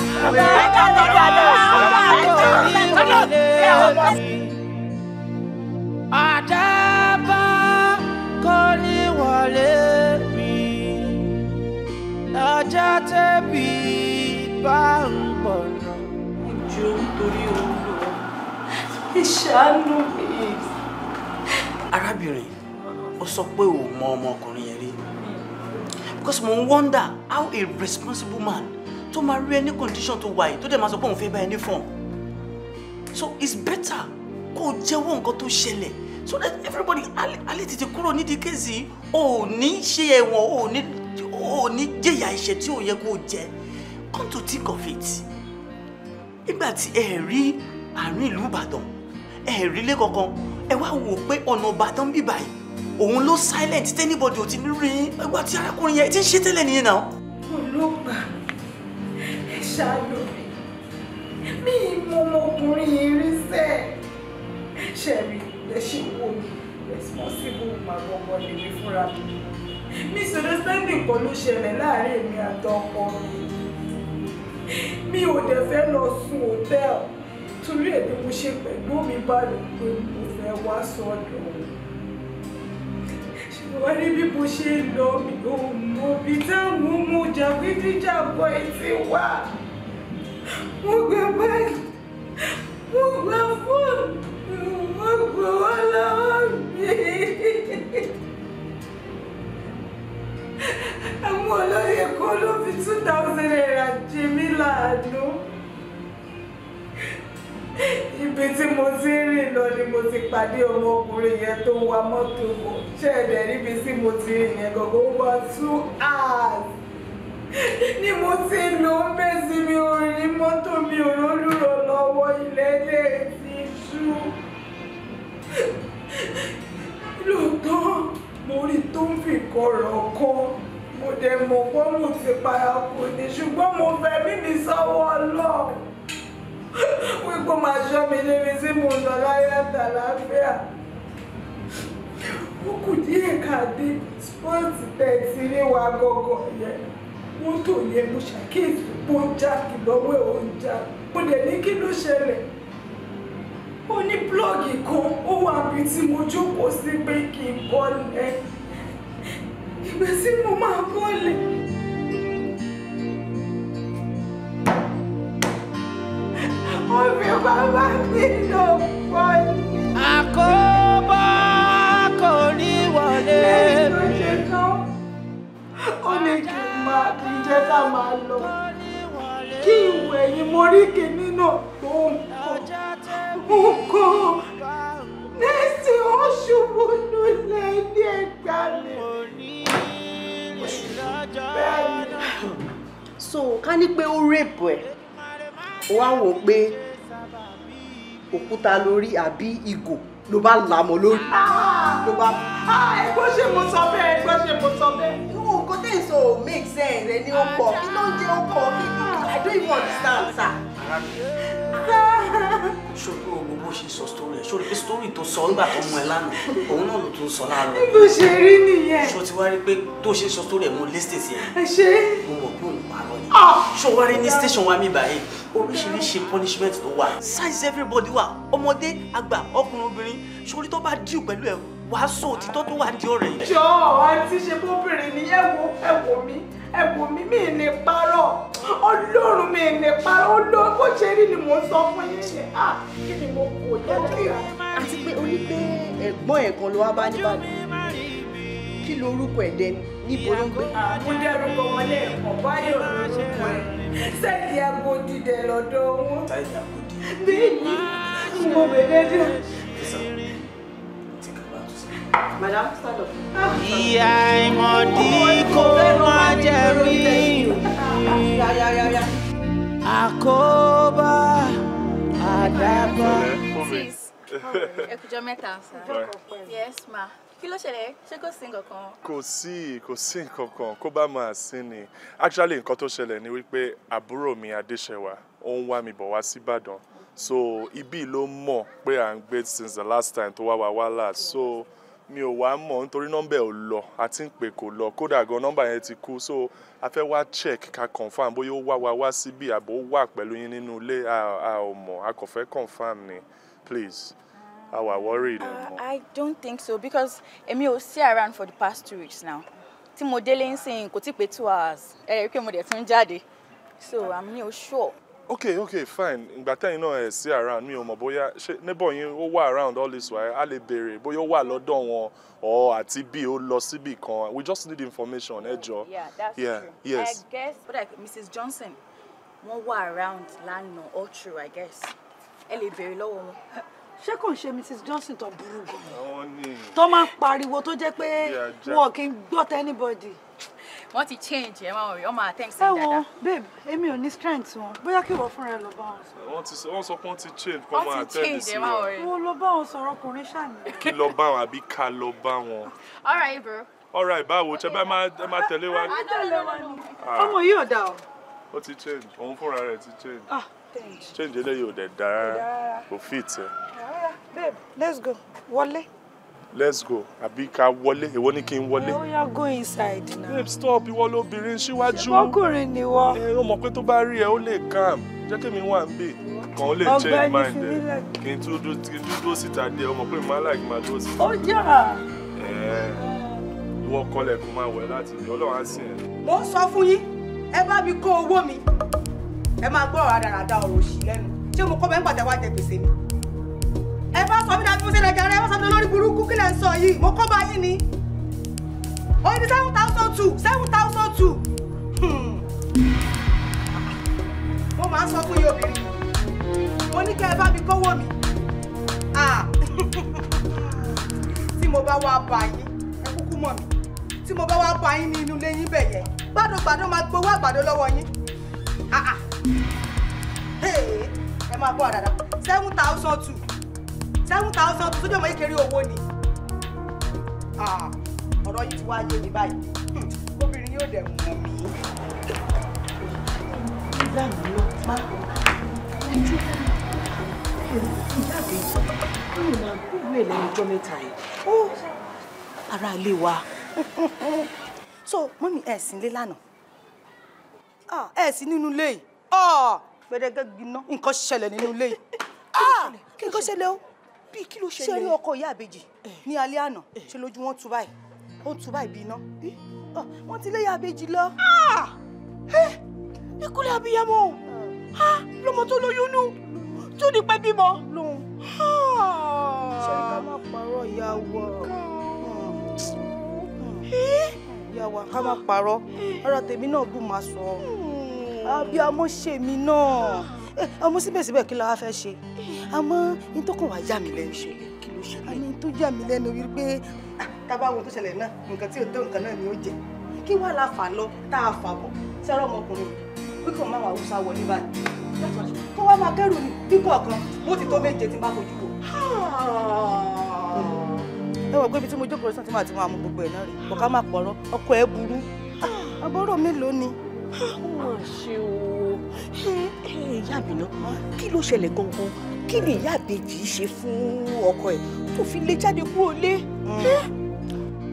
Ẹ̀ka ló dàgbọ́! Ẹ̀ka ló dàgbọ́! ìbáǹbọ̀nà ojú nítorí olùwọ́ ìṣàánú mi. arábìnrin ó sọ pé ò mọ ọmọkùnrin yẹn rí because mo wonder how a responsible man to marry any condition to wà to tó dẹ̀ máa sọ pé òun fẹ́ bá ẹni so it's better kó o jẹ́wọ́ nǹkan tó ṣẹlẹ̀ so that everybody alẹ́ tètè kúrò nídìí kéèsì ò ní ṣe ẹ̀wọ̀n ò ní ò ní jẹ̀yà ẹ̀ṣẹ̀ tí ò yẹ kó jẹ come to think of it nígbà tí ẹ rí àárín ìlú ìbàdàn ẹ rí ilé kankan ẹ wá wò pé ọ̀nà ìbàdàn bíbà yìí òun ló silent tẹ́nibọ̀dì ò ti ní rí ẹgbà tí arákùnrin yẹn ti ń ṣe tẹ́lẹ̀ nìyẹn náà. ọlọ́pàá ẹ ṣàlọ́ mi mọ ọmọkùnrin yìí rí sẹ́ ṣẹ̀rí ẹ ṣe wo mi responsible màgbọ́n wọlé mi fúnra mi misunderstanding kan ló ṣẹlẹ̀ láàrin èmi àtọkọ mi mi ò dẹ̀ fẹ́ lọ sùn hòtẹ́ẹ̀lì torí èmi mo ṣe pẹ̀lú mi balẹ̀ pé mo fẹ́ wá sọ́dọ̀ ṣùgbọ́n ní bí mo ṣe lọ mi ò mọ bí táwọn ọmọ jàgídíjàgbọ́ etí wà wọ́n gbé báyìí wọ́n gbé fóònù wọ́n gbé wọ́n lọ́wọ́ mi àwọn olóyè kan ló fi two thousand naira jẹ mí láàánú ibi tí mo ti ń rìn lọ ni mo ti pàdé ọmọkùnrin yẹn tó ń wa mọ́tò bọ̀ ṣé ẹ̀dẹ̀ níbi tí mo ti rìn yẹn gọ̀gọ́ ó bá two hours ni mo ti lò ó bẹ́sí mi ò rí mọ́tò mi ò lólùrọ̀ lọ́wọ́ ilẹ̀ lè ti ṣú lóòótọ́ mo rí tó ń fi kọ̀rọ̀ kọ́ mo dẹ̀ mọ̀ pé mo ti para kò ní ṣùgbọ́n mo fẹ́ bíbí sọ́wọ́ ọlọ́ọ̀ wípé máa ṣọ́ mi lébi tí mo lọ láyé àtàlàáfíà ó kù díẹ̀ kàdé spọ́ọ̀tì tẹ̀sí ní wa gọ́gọ́ yẹn mọ́tò yẹn mo ṣàkíyèsí pé kìlọ́wọ́ ẹ̀ ó ń já mo dẹ̀ ní kí ló ṣẹlẹ̀ ó ní blọ́ọ̀gì kan ó wà bí tí mo jókòó sí pé kì í bọ́lẹ̀ ìgbà tí mo máa bọ́lẹ̀. Ọ̀rẹ́ bàbá mi lọ pọ̀ ní. Àkóbá kò ní wọlé mi. Ó ní kí n máa kí n jẹ́ ká máa lọ kí ìwẹ̀ yìí mo rí kìíní náà nẹ́ẹ̀sì ó ṣubú lulẹ̀ ní ẹgbà mi. so ká ní pé ó rèpù ẹ̀ wá wò pé òkúta lórí àbí ìgò ló bá làmọ́ lórí. Ah, ló bá ah, ẹgbọ́n ṣe mo sọ bẹ́ẹ̀ ẹgbọ́n ṣe mo sọ bẹ́ẹ̀. nǹkan tẹ̀sán ò make sense ẹni ó pọ̀ kí ló ń jẹ́ ó kí ló do you understand, sir? ṣòro ògbó bó ṣe sọ sórí ẹ ṣòro pé story tó sọ nígbà tó mú ẹ lánàá òun náà ló tó ń sọ láàárọ̀. bó ṣe rí nìyẹn. ṣó ti wá rí pé tó ṣe sọ sórí ẹ mo lé stéèsì ẹ. ṣé. mo mọ̀ pé òun parọ́ ni. Ah! ṣó wá rí ní station wa mi báyìí oríṣiríṣi punishment ló wà. size everybody wà ọmọdé àgbà ọkùnrin obìnrin ṣorí tó bá díù pẹ̀lú ẹ wàá sọ òtítọ́ tó wà ní ọ̀rẹ́ yìí. jọ̀ọ́ àǹtí ṣe bóbìnrin ni ẹ wo ẹ wò mí ẹ̀bùn mi mi lè parọ́ ọlọ́run mi lè parọ́ ọlọ́run bó ṣe rí ni mò ń sọ fún yín ṣe à kí ni mo kò yẹ lẹ́yìn. àti pé o ẹ̀gbọ́n ẹ̀ ló wá bá níbàdàn kí lorúkọ ẹ̀ dẹni níbo ló ń gbé. mo dẹrùkọ wọn lẹ́ẹ̀kan báyọ̀ lórúkọ ẹ̀ sẹ́ẹ̀dì agodi dẹ̀ lọ́dọ̀ wọn. bẹ́ẹ̀ ni mo bẹ̀rẹ̀ dẹ̀ madam stand up. ìyá ìmọ̀dí kò má jẹ mí. àkóbá àdàbà. ẹ kújọ mẹ́ta yes ma kí ló ṣẹlẹ̀ ṣé kò sí nǹkan kan. kò sí kò sí nǹkan kan kó bá máa sí ni actually nǹkan tó ṣẹlẹ̀ ni wípé àbúrò mi adéṣẹwà ó ń wá mi bọ̀ wá síbàdàn so ibi ló mọ̀ pé à ń gbé since the last time tó wá wa wá là so. Okay mi ò wá mọ̀ nítorí nọ́mbà ò lọ àti ń kò lọ kódà gan nọ́mbà yẹn ti kú so a fẹ́ wá check ká confam bóyá ó wá wa wá síbí àbò ó wà pẹ̀lú yín nínú ilé a ò mọ̀ a kò fẹ́ confam ni please a wà worried. Uh, I don't think so because èmi ò sí around for the past two weeks now tí mo délé ń sìn kò tí pé two hours ẹ rí i pé mo dẹ̀ tún jáde so I'm not sure. Okay, okay, fine ìgbà tẹ́yìn náà ẹ̀ sí around mi ò mọ̀ bóyá ṣé neighbor yín ó wà around all this while a lè béèrè bóyá ó wà lọ́dọ̀ wọn or àti bí ó lọ síbì kan we just need information ẹ jọ. yeah that's yeah, true yes. i guess but like mrs johnson wọ́n wà around lánàá all true i guess ẹ lè béèrè lọ́wọ́ wọn ṣé kò ń ṣe mrs johnson tó burú gan-an tó máa ń pariwo tó jẹ́ pé wọn kì í gbọ́ tẹ́nibọ́dì wọ́n ti change ẹ̀ wọ́n ọmọ thanks dáadáa. ẹ wo babe èmi ò ní strength wọn bóyá kí wọ́n fúnra ẹ lọ bá wọn sọ. wọ́n ti wọ́n sọ pé wọ́n ti change kọ́ máa tẹ̀lé sí wọn. mo lọ bá wọn sọ̀rọ̀ ọkùnrin ṣàní. kí lọ bá wọn àbí ká lọ bá wọn. all right bro. all right báwo ṣe bá ẹ máa tẹ̀lé wa. a tẹ̀lé wa ni ah. ọmọ yìí ò dà o. ó ti change òun fúnra rẹ̀ ti change. ah change eléyìí ò dẹ̀ dára kò fit ẹ. babe let's go wọlé let's go àbí ká wọlé èwo ni kí n wọlé. ó yá go inside now. babe stop ìwọ lóbìnrin síwájú. ọkùnrin ni wọ. ẹ ó mọ̀ pé tó bá rí ẹ ó lè calm jẹ́ kí mi wà ń kan ó lè change mind ẹ kí n tún dúró síta díẹ̀ ó mọ̀ pé màá láì máa dúró síta. ó jà. ìwọ kọlẹ̀ kó máa wẹ̀ láti rí ọlọ́run á sìn ẹ. mo ń sọ fún yín ẹ bá mi kó owó mi ẹ máa gbọ́ ọ̀rọ̀ àdàràdà ọ̀rọ̀ òṣì lẹ́nu ṣé mo kọ́ bẹ́ẹ̀ ń pàtẹ́wọ́ àjẹgbèsè mi ẹ bá sọ mí dájú mo ṣe lè ẹ bá sọ mí lórí burúkú kí lẹ ń sọ yìí mo kọ́ bá yín ni ó ní seven thousand two seven thousand two mo máa ń sọ fún yín obìnrin mo ní kẹ́ ẹ bá mi kówó mi tí mo bá wá bá yín ẹ kúkú mọ̀ mi tí mo bá wá bá yín ní inú ilé bẹ̀ yẹn gbàdógbàdó máa gbowó àgbàdo lọ́wọ́ yín ẹ máa gbọ́ àdàdà seven thousand two seven thousand tó jẹ́ ọmọ ìkéré owó ni ah, ọ̀rọ̀ yìí ti wá yé mi báyìí hmm, obìnrin yóò dẹ̀ mú mi. ìyá mi ló pa ìyá mi kí ni màá gbúgbú ẹ̀ lẹ́nu ọjọ́ mẹ́ta yìí ó ara ilé wa. so mọ́mí ẹ̀ sí ilé lánàá ah, ẹ̀ sí nínú ilé yìí ah, gbẹdẹgẹ gbiná nǹkan ṣẹlẹ̀ nínú ilé yìí nǹkan ṣẹlẹ̀ o bí kí ló ṣẹlẹ̀ ṣe rí ọkọ ìyá àbejì ní alẹ́ àná eh. ṣe lójú wọn tú báyìí ó tú báyìí bí iná eh. ah, wọn ti lé ìyá àbejì lọ. Ah! Eh, ìkúlẹ̀ abiyamọ ah. lọmọ tó lóyún nù tó ní pẹ́ bímọ. ṣe ká má parọ́ ìyá wa hmm. Hmm. ìyá wa ká má parọ́ ara tèmi náà bù máa sọ hmm. abiyamọ ṣèmi náà àmọ́ síbẹ̀síbẹ̀ kí la wá fẹ́ ṣe àmọ́ ní tó kàn wá yà mí lẹ́nu ṣe kí ló ṣe àmì tó yà mí lẹ́nu wípé tábàwọn tó ṣẹlẹ̀ náà nǹkan tí ò tó nǹkan náà ni ó jẹ kí wàá la fà lọ tá a fà bọ̀ sẹ́rọ̀ ọmọkùnrin bí kò máa wà wúsà wọlé báyìí kó wá máa kẹ́rù ni bíbọ̀ kan mo ti tó méje tí n bá fojú wò. ẹ wọ pé ibi tí mo jókòó lọ sí ti máa ti máa mú gbogbo ẹ̀ náà rí kò ká má pọ̀rọ̀ ọkọ̀ ẹ burú àbúrò mi lónìí ó mà ṣe o ìyá mi náà kí ló ṣẹlẹ̀ gangan kí ni ìyá àbèjì ṣe fún ọkọ ẹ̀ tó fi lè jáde kúrò lé. Hmm.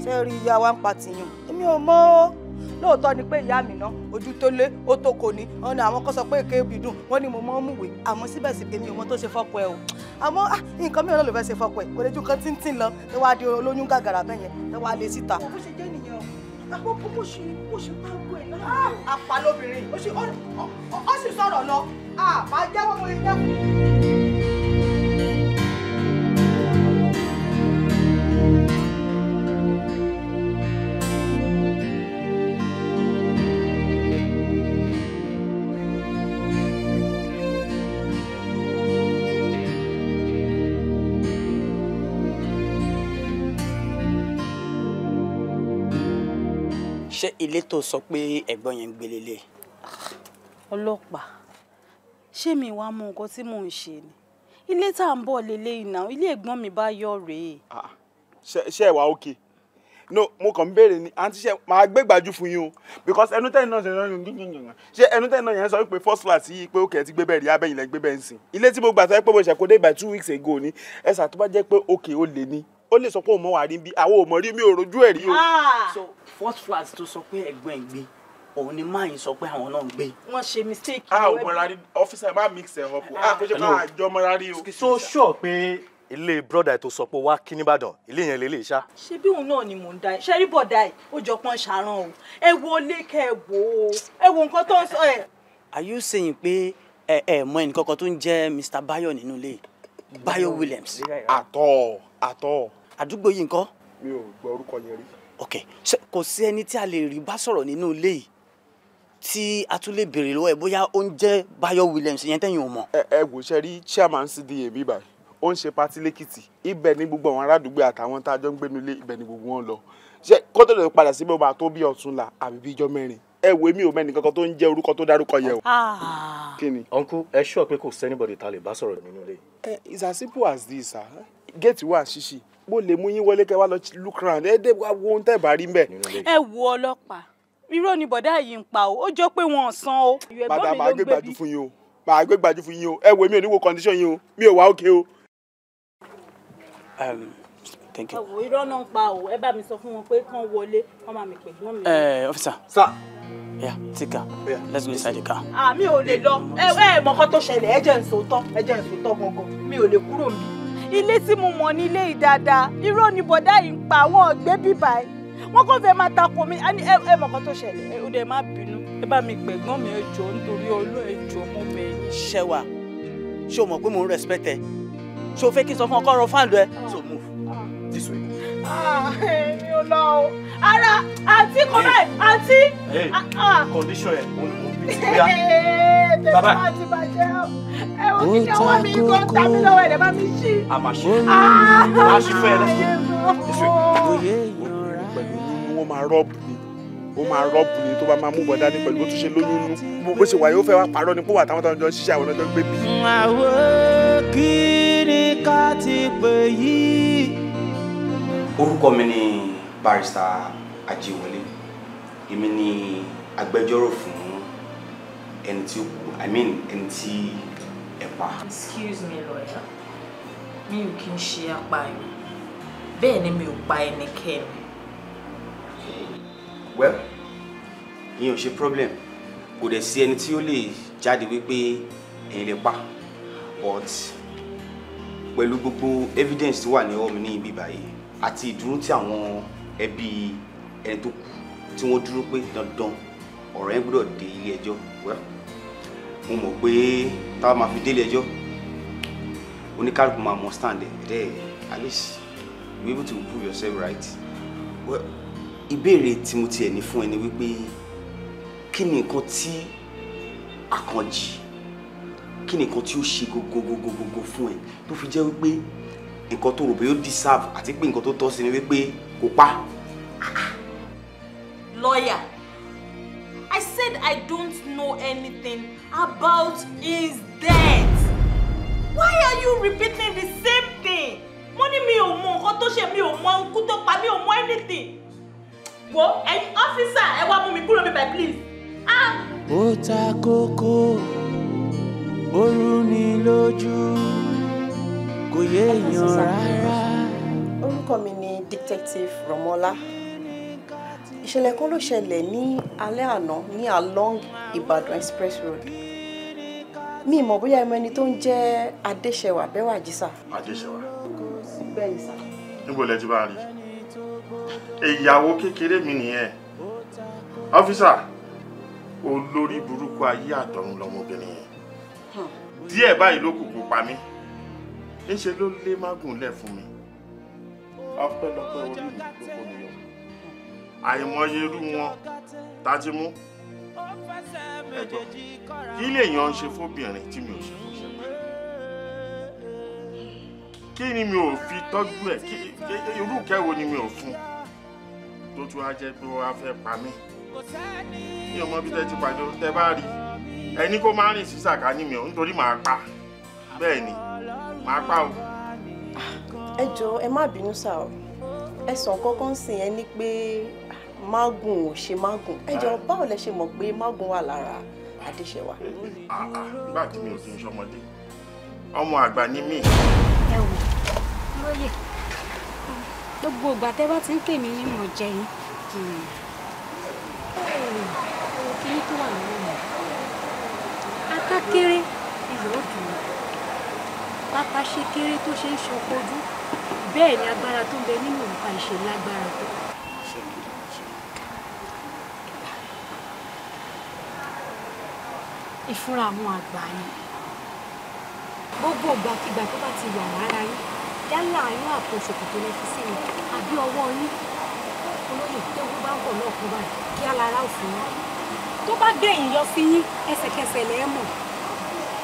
ṣé rí ìyá wa ń pa tìyàn èmi ò mọ̀ ọ́ lóòótọ́ ni pé ìyá mi ná ojú tó lé ó tó kò ní wọn ni àwọn kan sọ pé èké ibì dùn wọn mo mọ́ múwèé àmọ́ síbẹ̀síbẹ̀ mi ò mọ tó ṣe fọ́pọ̀ ẹ o àmọ́ ah, nǹkan mìíràn náà ló fẹ́ ṣe fọ́pọ̀ ẹ kò lè ju kan tíntín lọ ẹ wá di olóyún gàgàrà bẹ́ẹ̀ yẹn ẹ wá lé síta. bó ṣe jẹ́ apalóbìnrin ó sì sọ̀rọ̀ lọ àbájáwọ́ mo lè jẹ́. ṣé ilé tó sọ pé ẹ̀gbọ́n yẹn ń gbé lélẹ̀. ọlọ́pàá ṣé mi wàá mọ nǹkan tí mò ń ṣe ni ilé tá à ń bọ̀ lélẹ̀ ìnà ilé ẹ̀gbọ́n mi bá yọ̀ rèé. Ah, ah. ṣé ẹ wà ókè no mo kàn ń béèrè ni àǹtí ṣe máa gbé gbàjú fún yín o because ẹnu tẹ́yìn náà ṣe ṣe ẹnu tẹ́yìn náà yẹn sọ pé first class yìí pé ó kẹ́ ẹ ti gbé bẹ́ẹ̀ rí abẹ́yìn lẹ́ gbé bẹ́ẹ̀ ń sìn ilé tí mo gbà sọ pé mo ṣẹ̀kọ́ dé by two weeks ago ni ẹ̀sà tó bá jẹ́ pé òkè ó lè ní ó lè sọ pé òun mọ̀ wà rí bí àwọn ò rí mi ò rojú ẹ̀ rí o. Ah! first flat tó sọ pé ẹ̀gbọ́n ẹ̀ gbé òun ni máa ń sọ pé àwọn náà ń gbé. wọ́n ṣe mistake. a ò mọra rí ọ́fíìsà máa mix ẹ̀ up a kò ṣe ká àjọ mọra rí o. so sure pé ilé brọ́dà tó sọ wa wá kí nìbàdàn ilé yẹn lè lè ṣá. ṣé bí òun náà ni mò ń da ẹ ṣẹ́rí bọ̀dà ẹ̀ ó jọ pọ́n ṣàrán o ẹ wo ilé kẹ ẹ wò ó ẹ wo nǹkan tó ń sọ ẹ. are you saying pé ẹ ẹ mọ ẹnìkan kan tó ń jẹ Mr. Bayo nínú ilé Bayo Williams. àtọ àtọ. àdúgbò yìí nǹkan. mi ò gbọ́ orúkọ yẹn rí ok kò sí ẹni tí a lè rí bá sọ̀rọ̀ nínú ilé yìí tí a tún lè béèrè lọ́wọ́ ẹ̀ bóyá ó ń jẹ́ Bayo Williams yẹn tẹ́yìn ò mọ̀. ẹ ẹ wò ṣe rí chairman cda mi báyìí ó ń ṣe pati lẹ́kìtì ibẹ̀ ni gbogbo àwọn aládùúgbò àtàwọn tá a jọ ń gbénu ilé ibẹ̀ ni gbogbo wọn lọ ṣe kótó lè padà sí bó máa tó bí ọ̀túnla àbí bí ijọ́ mẹ́rin ẹ wo èmi ò mẹ́ni kankan tó ń jẹ́ orúkọ tó dárúkọ yẹ o. Ah. kí ni. uncle ẹ ṣọ́ pé kò sẹ́nibọ̀dì ta lè bá sọ̀rọ̀ nínú ilé. Eh, it's as simple as this ah. gate wà ṣíṣí mo lè mú yín wọlé kẹ wá lọ look round ẹ dé wá wo ohun tẹ́ bá rí mbẹ. ẹ wo ọlọ́pàá irọ́ ni bọ̀dá yìí ń pa o ó jọ pé wọn ò san o. bàdà màá gbé gbàjú fún yín o màá gbé gbàjú fún yín o ẹ wo mi ò ní wo condition yín o mi ò wá òkè o. Um, irọ́ náà ń pa o ẹ bá mi sọ fún wọn pé kán wọlé kán máa mi pè wọ́n mi. ẹ ọfíìsà. sir. Yeah, take her. Let's go inside the car. Ah, mi ò lè lọ. Ẹ ẹ mọ̀kọ́ tó ṣẹlẹ̀, ẹ jẹ́ n ẹ jẹ́ n gangan. Mi ò lè kúrò níbí ilé tí mo mọ̀ ní ilé yìí dáadáa irọ́ ni bọ̀dá yìí ń pa àwọn ọ̀gbẹ́ bíbá ẹ̀ wọ́n kàn fẹ́ máa takò mí ẹ mọ̀ kan tó ṣẹlẹ̀ ẹ ò dẹ̀ má bínú ẹ bá mi gbẹ̀gbọ́n mi ẹjọ́ nítorí ọlọ́ ẹjọ́ mọ́ mi. ṣẹwà ṣé o mọ̀ pé mò ń respect ẹ ṣé o fẹ́ kí n sọ fún ọkọ ọ̀rọ̀ fáàlù ẹ so move this way. Ah, ara àǹtí kọ́ bẹ́ẹ̀ àǹtí. Ah, ah. condition ẹ̀ òun mi sí bóyá. bàbá ẹ wò kí ni ọwọ́ mi kò ń tàbí lọ́wọ́ ẹ̀ bá mi ṣí. Ah. a máa ṣe a máa ṣe fún ẹ lẹ́sìn pẹ̀lú wọn máa rọ́ọ̀bù ni ó máa rọ́ọ̀bù ni tó bá máa mú bọ̀ dání pẹ̀lú bó tún ṣe lóyún nú bó ṣe wáyé mm, orúkọ mi ni barrister ajiwọlé èmi ni agbẹjọ́rò fún ẹni i mean ẹni tí excuse me lawyer Me you can share ṣe apààyàn bẹ́ẹ̀ ni mi ò pa ẹnikẹ́ni. well ìyẹn ò ṣe problem kò dẹ̀ sí ẹni tí ó lè jáde wípé ẹ̀yin lè pa but pẹ̀lú gbogbo evidence tí wà ní ọwọ́ mi ní ibi báyìí àti ìdúró tí àwọn ẹbí ẹni tó kú tí wọ́n dúró pé dandan ọ̀rọ̀ yẹn gbọ́dọ̀ dé ilé ẹjọ́ well mo mọ̀ pé tá a máa fi délé ẹjọ́ oníkálukú máa mọ stand ẹ̀ dẹ́ you able to prove yourself right well ìbéèrè tí mo tiẹ̀ ní fún ẹ ni wípé kí ni nǹkan tí àkànjì kí ni nǹkan tí ó ṣe gogogogogo fún ẹ tó fi jẹ́ wípé nǹkan tó rò pé ó deserve àti pé nǹkan tó tọ́ sí ni wípé kò pa. lawyer I said I don't know anything about his death. Why are you repeating the same thing? Money me mi ò mọ nǹkan tó ṣe mi ò mọ ikú tó pa mi ò anything. Wo any officer, ẹ wá mú mi me, mi please. Ah. ta kókó, ó rú ni lójú, kò yé èèyàn Detective Romola ìṣẹ̀lẹ̀ kan ló ṣẹlẹ̀ ní alẹ́ àná ní along Ibadan Express Road mi mọ̀ bóyá ẹmọ ẹni tó ń jẹ́ adéṣẹwà bẹ́wà jísà. adéṣẹwà. bẹ́ẹ̀ni sà. níbo lẹ ti bá rí ìyàwó kékeré mi nìyẹn ọ́físà olórí burúkú ayé àtọ̀run lọmọbìnrin yẹn díẹ̀ báyìí ló kù kó pa mí níṣe ló lé mágùn lẹ̀ fún mi ọpẹ́lọpẹ́ orí mi ló kó mi yọ àìmọye irú wọn tá a ti mú kí lèèyàn ṣe fóbìnrin tí mi ò ṣe fún ṣẹlẹ̀ kí ni mi ò fi tọ́jú ẹ̀ irú kẹ́wo ni mi ò fún tó tún á jẹ́ pé wọ́n á fẹ́ pa mí mi ò mọ bí tẹ́ ti pàdé tẹ́ bá rí ẹni kó má rìn sí sàkání mi ò nítorí màá pa bẹ́ẹ̀ ni màá pa o. ẹ jọ̀ọ́ ẹ má bínú sáà ẹ sọ kọ́kọ́ ń sìn ẹ ní pé mágùn ò ṣe mágùn ẹjọ báwo lẹ ṣe mọ̀ pé mágùn wà lára Adéṣẹwà. Ah, ah, nígbà tí mi ò ti ń ṣọmọdé ọmọ àgbà ni mí. ẹ wò lóye gbogbo ìgbà tẹ bá ti ń pè mí ní mọ̀ jẹ yín kì í kí ní tó wà nínú mi ata kéré iyọ̀ dùn pápá ṣe kéré tó ṣe ń ṣọpọ́jú bẹ́ẹ̀ ni agbára tó ń bẹ nínú nǹkan ìṣe lágbára tó. ìfúnra àwọn àgbà ni gbogbo ìgbàkigbà tó bá ti yà lára yín yálà àyún àpò ṣòkòtò lè fi sílẹ̀ àbí ọwọ́ yín olóyè tẹ́wọ́ bá ń bọ̀ náà kú báyìí kí alára òfin yín tó bá gbẹ̀yìn yọ sí yín ẹsẹ̀kẹsẹ̀ lẹ́ mọ̀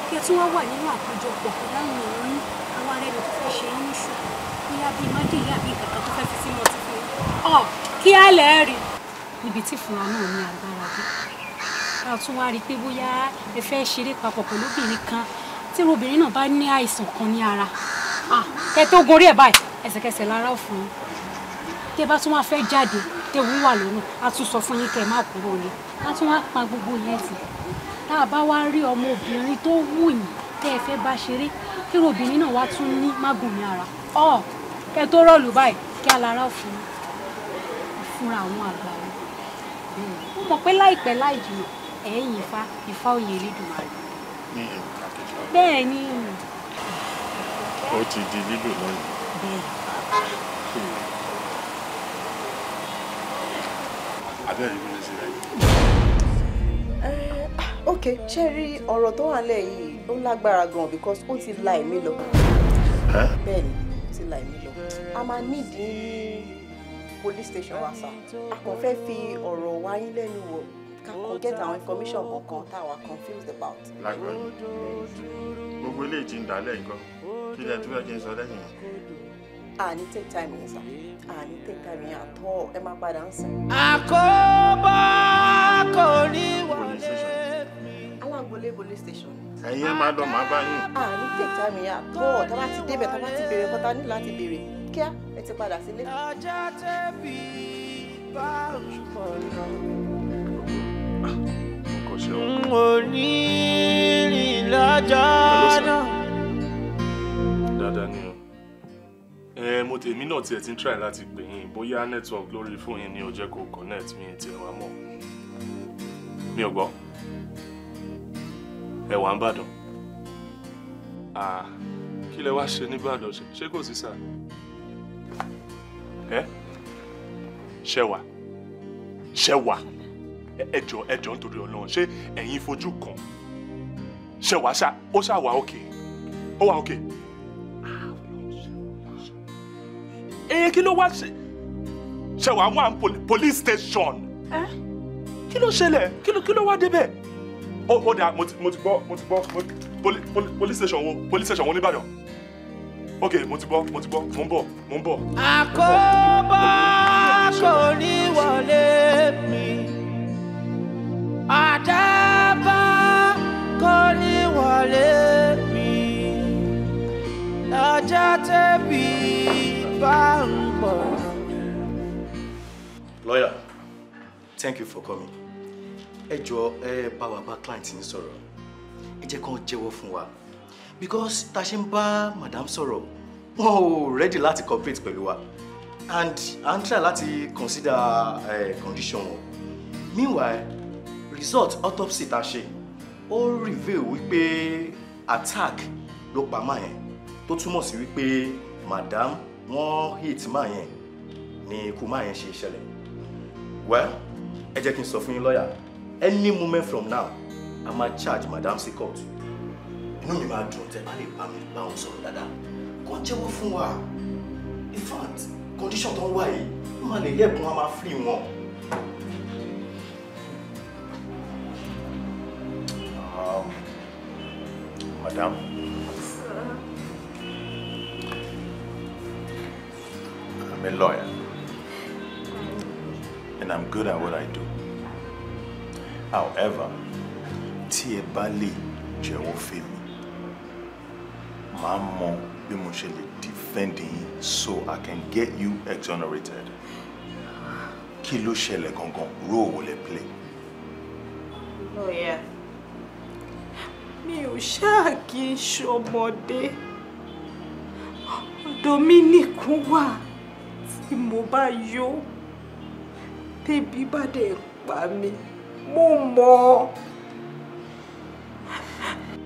kí ẹ tún wá wà nínú àpéjọpọ̀ láwọn èèyàn yín àwọn ará ẹni tó fẹ́ ṣe yín ní ṣù bóyá bíi májèlé àbí ìkàkà tó fẹ́ fi sínú ọtí fún yín ọ kí á lẹ́ẹ̀rí níbi tí fúnra náà ní agbára dé a tún wá rí i pé bóyá ẹ fẹ́ ṣeré papọ̀ pẹ̀lú obìnrin kan tí obìnrin náà bá ní àìsàn kan ní ara kẹ tó gorí ẹ̀ báyìí ẹsẹ̀kẹsẹ̀ lára ò fún yín tẹ bá tún wá fẹ́ jáde tẹ òun wà lọ́nà a tún sọ fún yín kẹ má kúrò ní a tún wá pa gbogbo yẹn tì tá a bá wá rí ọmọ obìnrin tó wù yín tẹ ẹ fẹ́ bá ṣeré kí obìnrin náà wá tún ní mágùn ní ara ọ kẹ tó rọlù báyìí kí alára ò fún fúnra àwọn àgbà wọn mo mọ̀ pé láìpẹ́ láì jìnnà ẹ̀yìn ifá ifá òye Elédùmarè. ní ìlú kàkíkà. bẹ́ẹ̀ ni. ó ti di lílò lọ́yìn. bẹ́ẹ̀. abẹ́rẹ́ mi ṣe rẹ̀. Eh, ok Cherry rí ọ̀rọ̀ tó wà lẹ̀ yìí ó lágbára gan-an because ó ti la ẹ̀mí lọ. bẹ́ẹ̀ ni ó ti la ẹ̀mí lọ. a máa nídìí police station wa sá a kàn fẹ́ fi ọ̀rọ̀ wáyé lẹ́nu wò ká kàn get àwọn information or tá a confused about. lágbàá gbogbo eléyìí ti ń dálẹ̀ nǹkan kí lẹ́yìn tó fẹ́ kí n sọ lẹ́yìn yẹn. àní take time yẹn sá àní take time yẹn àtọ́ ẹ máa padà ń sìn. àkóbá kò ní wọlé mi. àwọn police station ẹ̀yin ẹ̀ máa lọ màá bá yín. àní take time yẹn àtọ́ tá bá ti débẹ̀ tá bá ti béèrè kọ́ta ní láti béèrè kíá ẹ ti padà sílé. ajá tẹ́bí bá ń bọ̀ lọ onírìn lájà náà. dáadáa ni o ẹ mo tèmi náà tiẹ̀ ti ń try láti pè yín bóyá network lórí fóònù yín ni ò jẹ́ kó connect mi tiẹ̀ wá mọ̀ mi ò gbọ́ ẹ wà ń bàdàn kí lẹ wá ṣe nìbàdàn ṣé kò sí sáà ẹ ṣẹwàá ṣẹwàá ẹjọ ẹjọ nítorí Ọlọ́run ṣé ẹ̀yin fojú kan ṣe wá ṣá ó ṣá wà òkè ó wà òkè. Ah, ee eh, kí ló wá ṣe ṣe wá wà police station kí ló ṣẹlẹ̀ kí ló wá débẹ̀ ó ó dà mo ti mo ti gbọ́ mo ti gbọ́ police station wo police station wo nìbàdàn ok mo ti gbọ́ mo ti gbọ́ mo ń bọ̀ mo ń bọ̀. àkóbá kò ní wọlé mi àdábà kò mi lọ́jọ́ tẹ́bí bá ń bọ̀. lawyer thank you for coming ẹ jọ ẹ bá wa bá client yín sọ̀rọ̀ ẹ jẹ́ kán jẹ́wọ́ fún wa because ta ṣe ń bá madam sọ̀rọ̀ wọn ò ready láti cooperate pẹ̀lú wa and à ń try láti consider uh, condition wọn meanwhile result autopsy ta ṣe ó reveal wípé attack ló pa máa yẹn tó túmọ̀ sí wípé madam wọ́n hit máa yẹn ni ikú máa yẹn ṣe ṣẹlẹ̀ well ẹ jẹ́ kí n sọ fún yín lọ́yà any moment from now a máa charge madam sí court inú mi máa dùn tẹ bá lè bá mi bá òun sọ̀rọ̀ dáadáa kó jẹ́wọ́ fún wa in fact condition tó ń wá yìí wọ́n máa lè yẹ̀kún wọn máa free wọn. Um, madam. Sir. I'm a lawyer. And I'm good at what I do. However, tí Bali, bá lè jẹ́wọ́ fèmí, màá mọ defend yín so I can get you exonerated. Kí ló ṣẹlẹ̀ Role will lè play? Oh, yeah mi ò ṣáà kí n ṣọmọdé ọ̀dọ̀ mi nìkan wà tí mo bá yó tẹ́bí bá dẹ̀ pa mi mo mọ̀ ọ́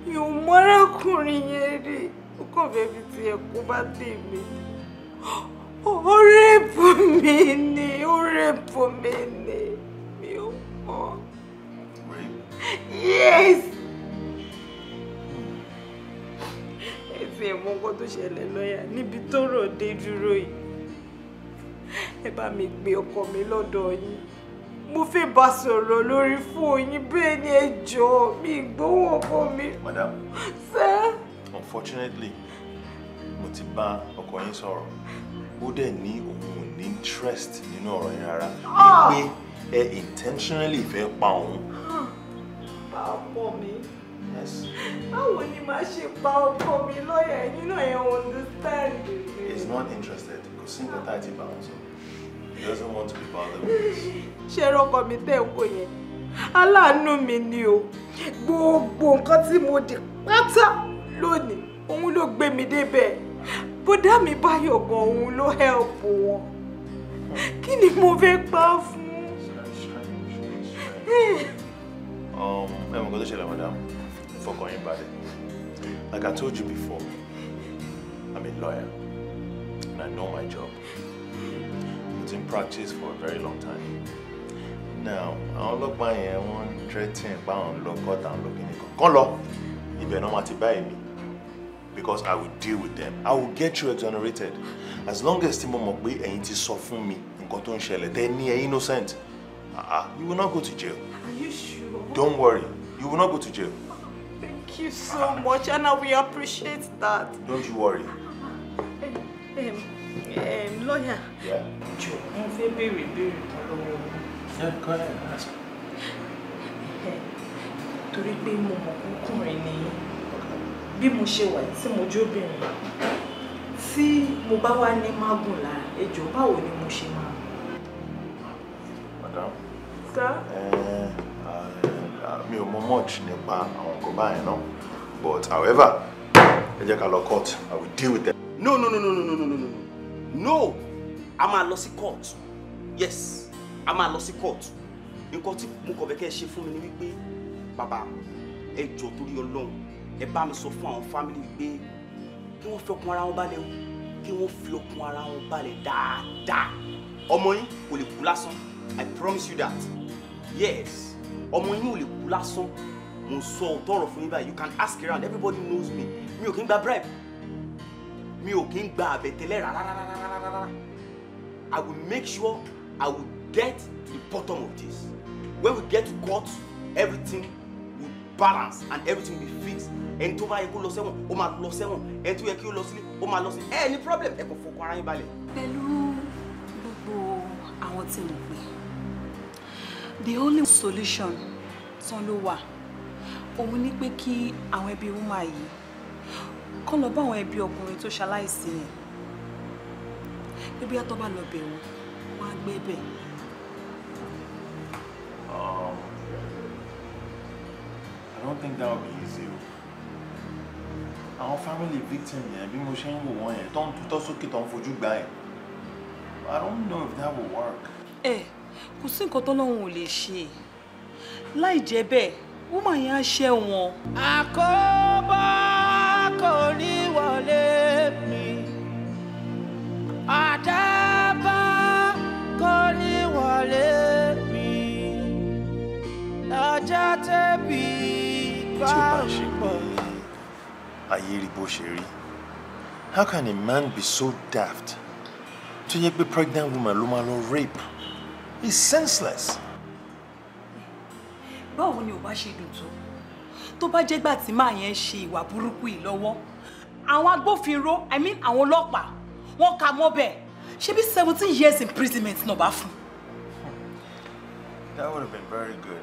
mi ò mọ́rákùnrin yẹn rí ó kàn fẹ́ fi ti ẹ̀kú bá tèmi ó rẹ́pù mi ni ó rẹ́pù mi ni mi ò mọ̀ yes. fi ẹ̀wọ̀n nǹkan tó ṣẹlẹ̀ lọ́yà níbi tó rò dé dúró yìí ẹ bá mi gbé ọkọ mi lọ́dọ̀ yín mo fẹ́ bá sọ̀rọ̀ lórí fóònù yín bẹ́ẹ̀ ni ẹ jọ mi ìgbóhùn ọkọ mi. madam sir. unfortunately mo ti bá ọkọ yín sọ̀rọ̀ ó dẹ̀ ní òun ní interest nínú ọ̀rọ̀ yín rárá ni ah! pé ẹ intentionally fẹ́ pa òun. Ah! bá a mi. Báwo ni màá ṣe bá ọkọ mi lọ́yà ẹ̀yin náà ẹ̀ understand? He not interested. Kò sí nǹkan tá a He doesn't want to be bothered with this. Ṣé ọkọ mi tẹ̀ ń kó yẹn? Aláàánú mi ni o. Gbogbo nǹkan tí mo dì pátá lónìí, òun ló gbé mi débẹ̀. Bọ́dá buy your gun. òun ló help wọn. Kini ni mo fẹ́ pa fún? Eh. Um, ẹ mọ̀ nǹkan tó ṣẹlẹ̀, madam fọkàn yín balẹ̀ like I told you before I'm a lawyer and I know my job it's in practice for a very long time now àwọn ọlọ́pàá yẹn wọ́n ń threaten pa àwọn lọ́kọ́ táwọn lọ́kìnrin kan kán lọ ibẹ̀ náà wọ́n ti bá èmi because I will deal with them I will get you exonerated as long as Timo mo mọ̀ pé ẹ̀yin ti sọ fún mi nǹkan innocent ah uh -uh, you will not go to jail. Are you sure? Don't worry you will not go to jail. Thank you so much, Anna. We appreciate that. Don't you worry. Um, um, lawyer. Yeah. Joe, mo be béèrè béèrè kan lọ́wọ́. Yeah, go ahead. Ask. Torí pé mo mọ̀ ọkùnrin ni bí mo ṣe wà tí mo jóbìnrin. Tí mo bá wá ní mágùn lára, ẹ jọ̀ọ́ ni mo ṣe ma. Madam. Sir. Uh, mi ò mọ much nípa àwọn nǹkan báyìí náà but however ẹ jẹ́ ká lọ court i will deal with them. no no no no no no no no no No, a máa lọ sí court yes a máa lọ sí court nǹkan tí mo kọ̀ be kẹ́ ẹ ṣe fún mi ni wípé bàbá ẹ jọ torí ọlọ́run ẹ bá mi sọ fún àwọn fámìlì pé kí wọ́n fi ọkàn ara wọn balẹ̀ o kí wọ́n fi ọkàn ara wọn balẹ̀ dáadáa ọmọ yín kò lè kú lásán i promise you that yes ọmọ yín ò lè kú lásán mo sọ òótọ́ fún yín báyìí you can ask around everybody knows me mi ò kí ń gba bribe mi ò kí ń gba àbẹ̀tẹ́lẹ̀ rárá rárá rárá I will make sure I will get to the bottom of this when we get to court everything will balance and everything will be fixed ẹni tó bá yẹ kó lọ sẹ́wọ̀n ó máa lọ sẹ́wọ̀n ẹni tó yẹ kí ó lọ sílé ó máa lọ sílé ẹ ní problem ẹ kò fọkàn ara yín balẹ̀. pẹ̀lú gbogbo àwọn tí mo pè é the only solution tán ló wà òun ni pé kí àwọn ẹbí woman yìí kọ́ lọ bá àwọn ẹbí ọkùnrin tó ṣaláìsí yẹn bíbí àtọ́ bá lọ bẹ̀ wọ́n wọ́n á gbé bẹ̀. Um, I don't think that would be easy o. Àwọn family victim yẹn bí mo ṣe ń wò wọ́n yẹn tó ń tutọ́ sókè tó ń fojú I don't know if that will work. Eh. Hey kò sí nǹkan tọ́lọ́run ò lè ṣe láì jẹ́ bẹ́ẹ̀ woman yẹn á ṣẹ̀wọ̀n. àkóbá kò ní wọlé mi àdábá kò ní wọlé mi ọjọ́ tẹ̀bí bá wọ̀ mí. ayé rí bó ṣe rí how can a man be so daft To yẹ pé pregnant woman ló máa lọ rape. He's senseless. Báwo ni ò bá ṣe dùn tó? Tó bá jẹ́ gbà tí màá yẹn ṣe ìwà burúkú yìí lọ́wọ́. Àwọn agbófinró, I mean àwọn ọlọ́pàá, wọ́n ka mọ́ bẹ́ẹ̀. Ṣebí seventeen years imprisonment náà bá fún. That would have been very good,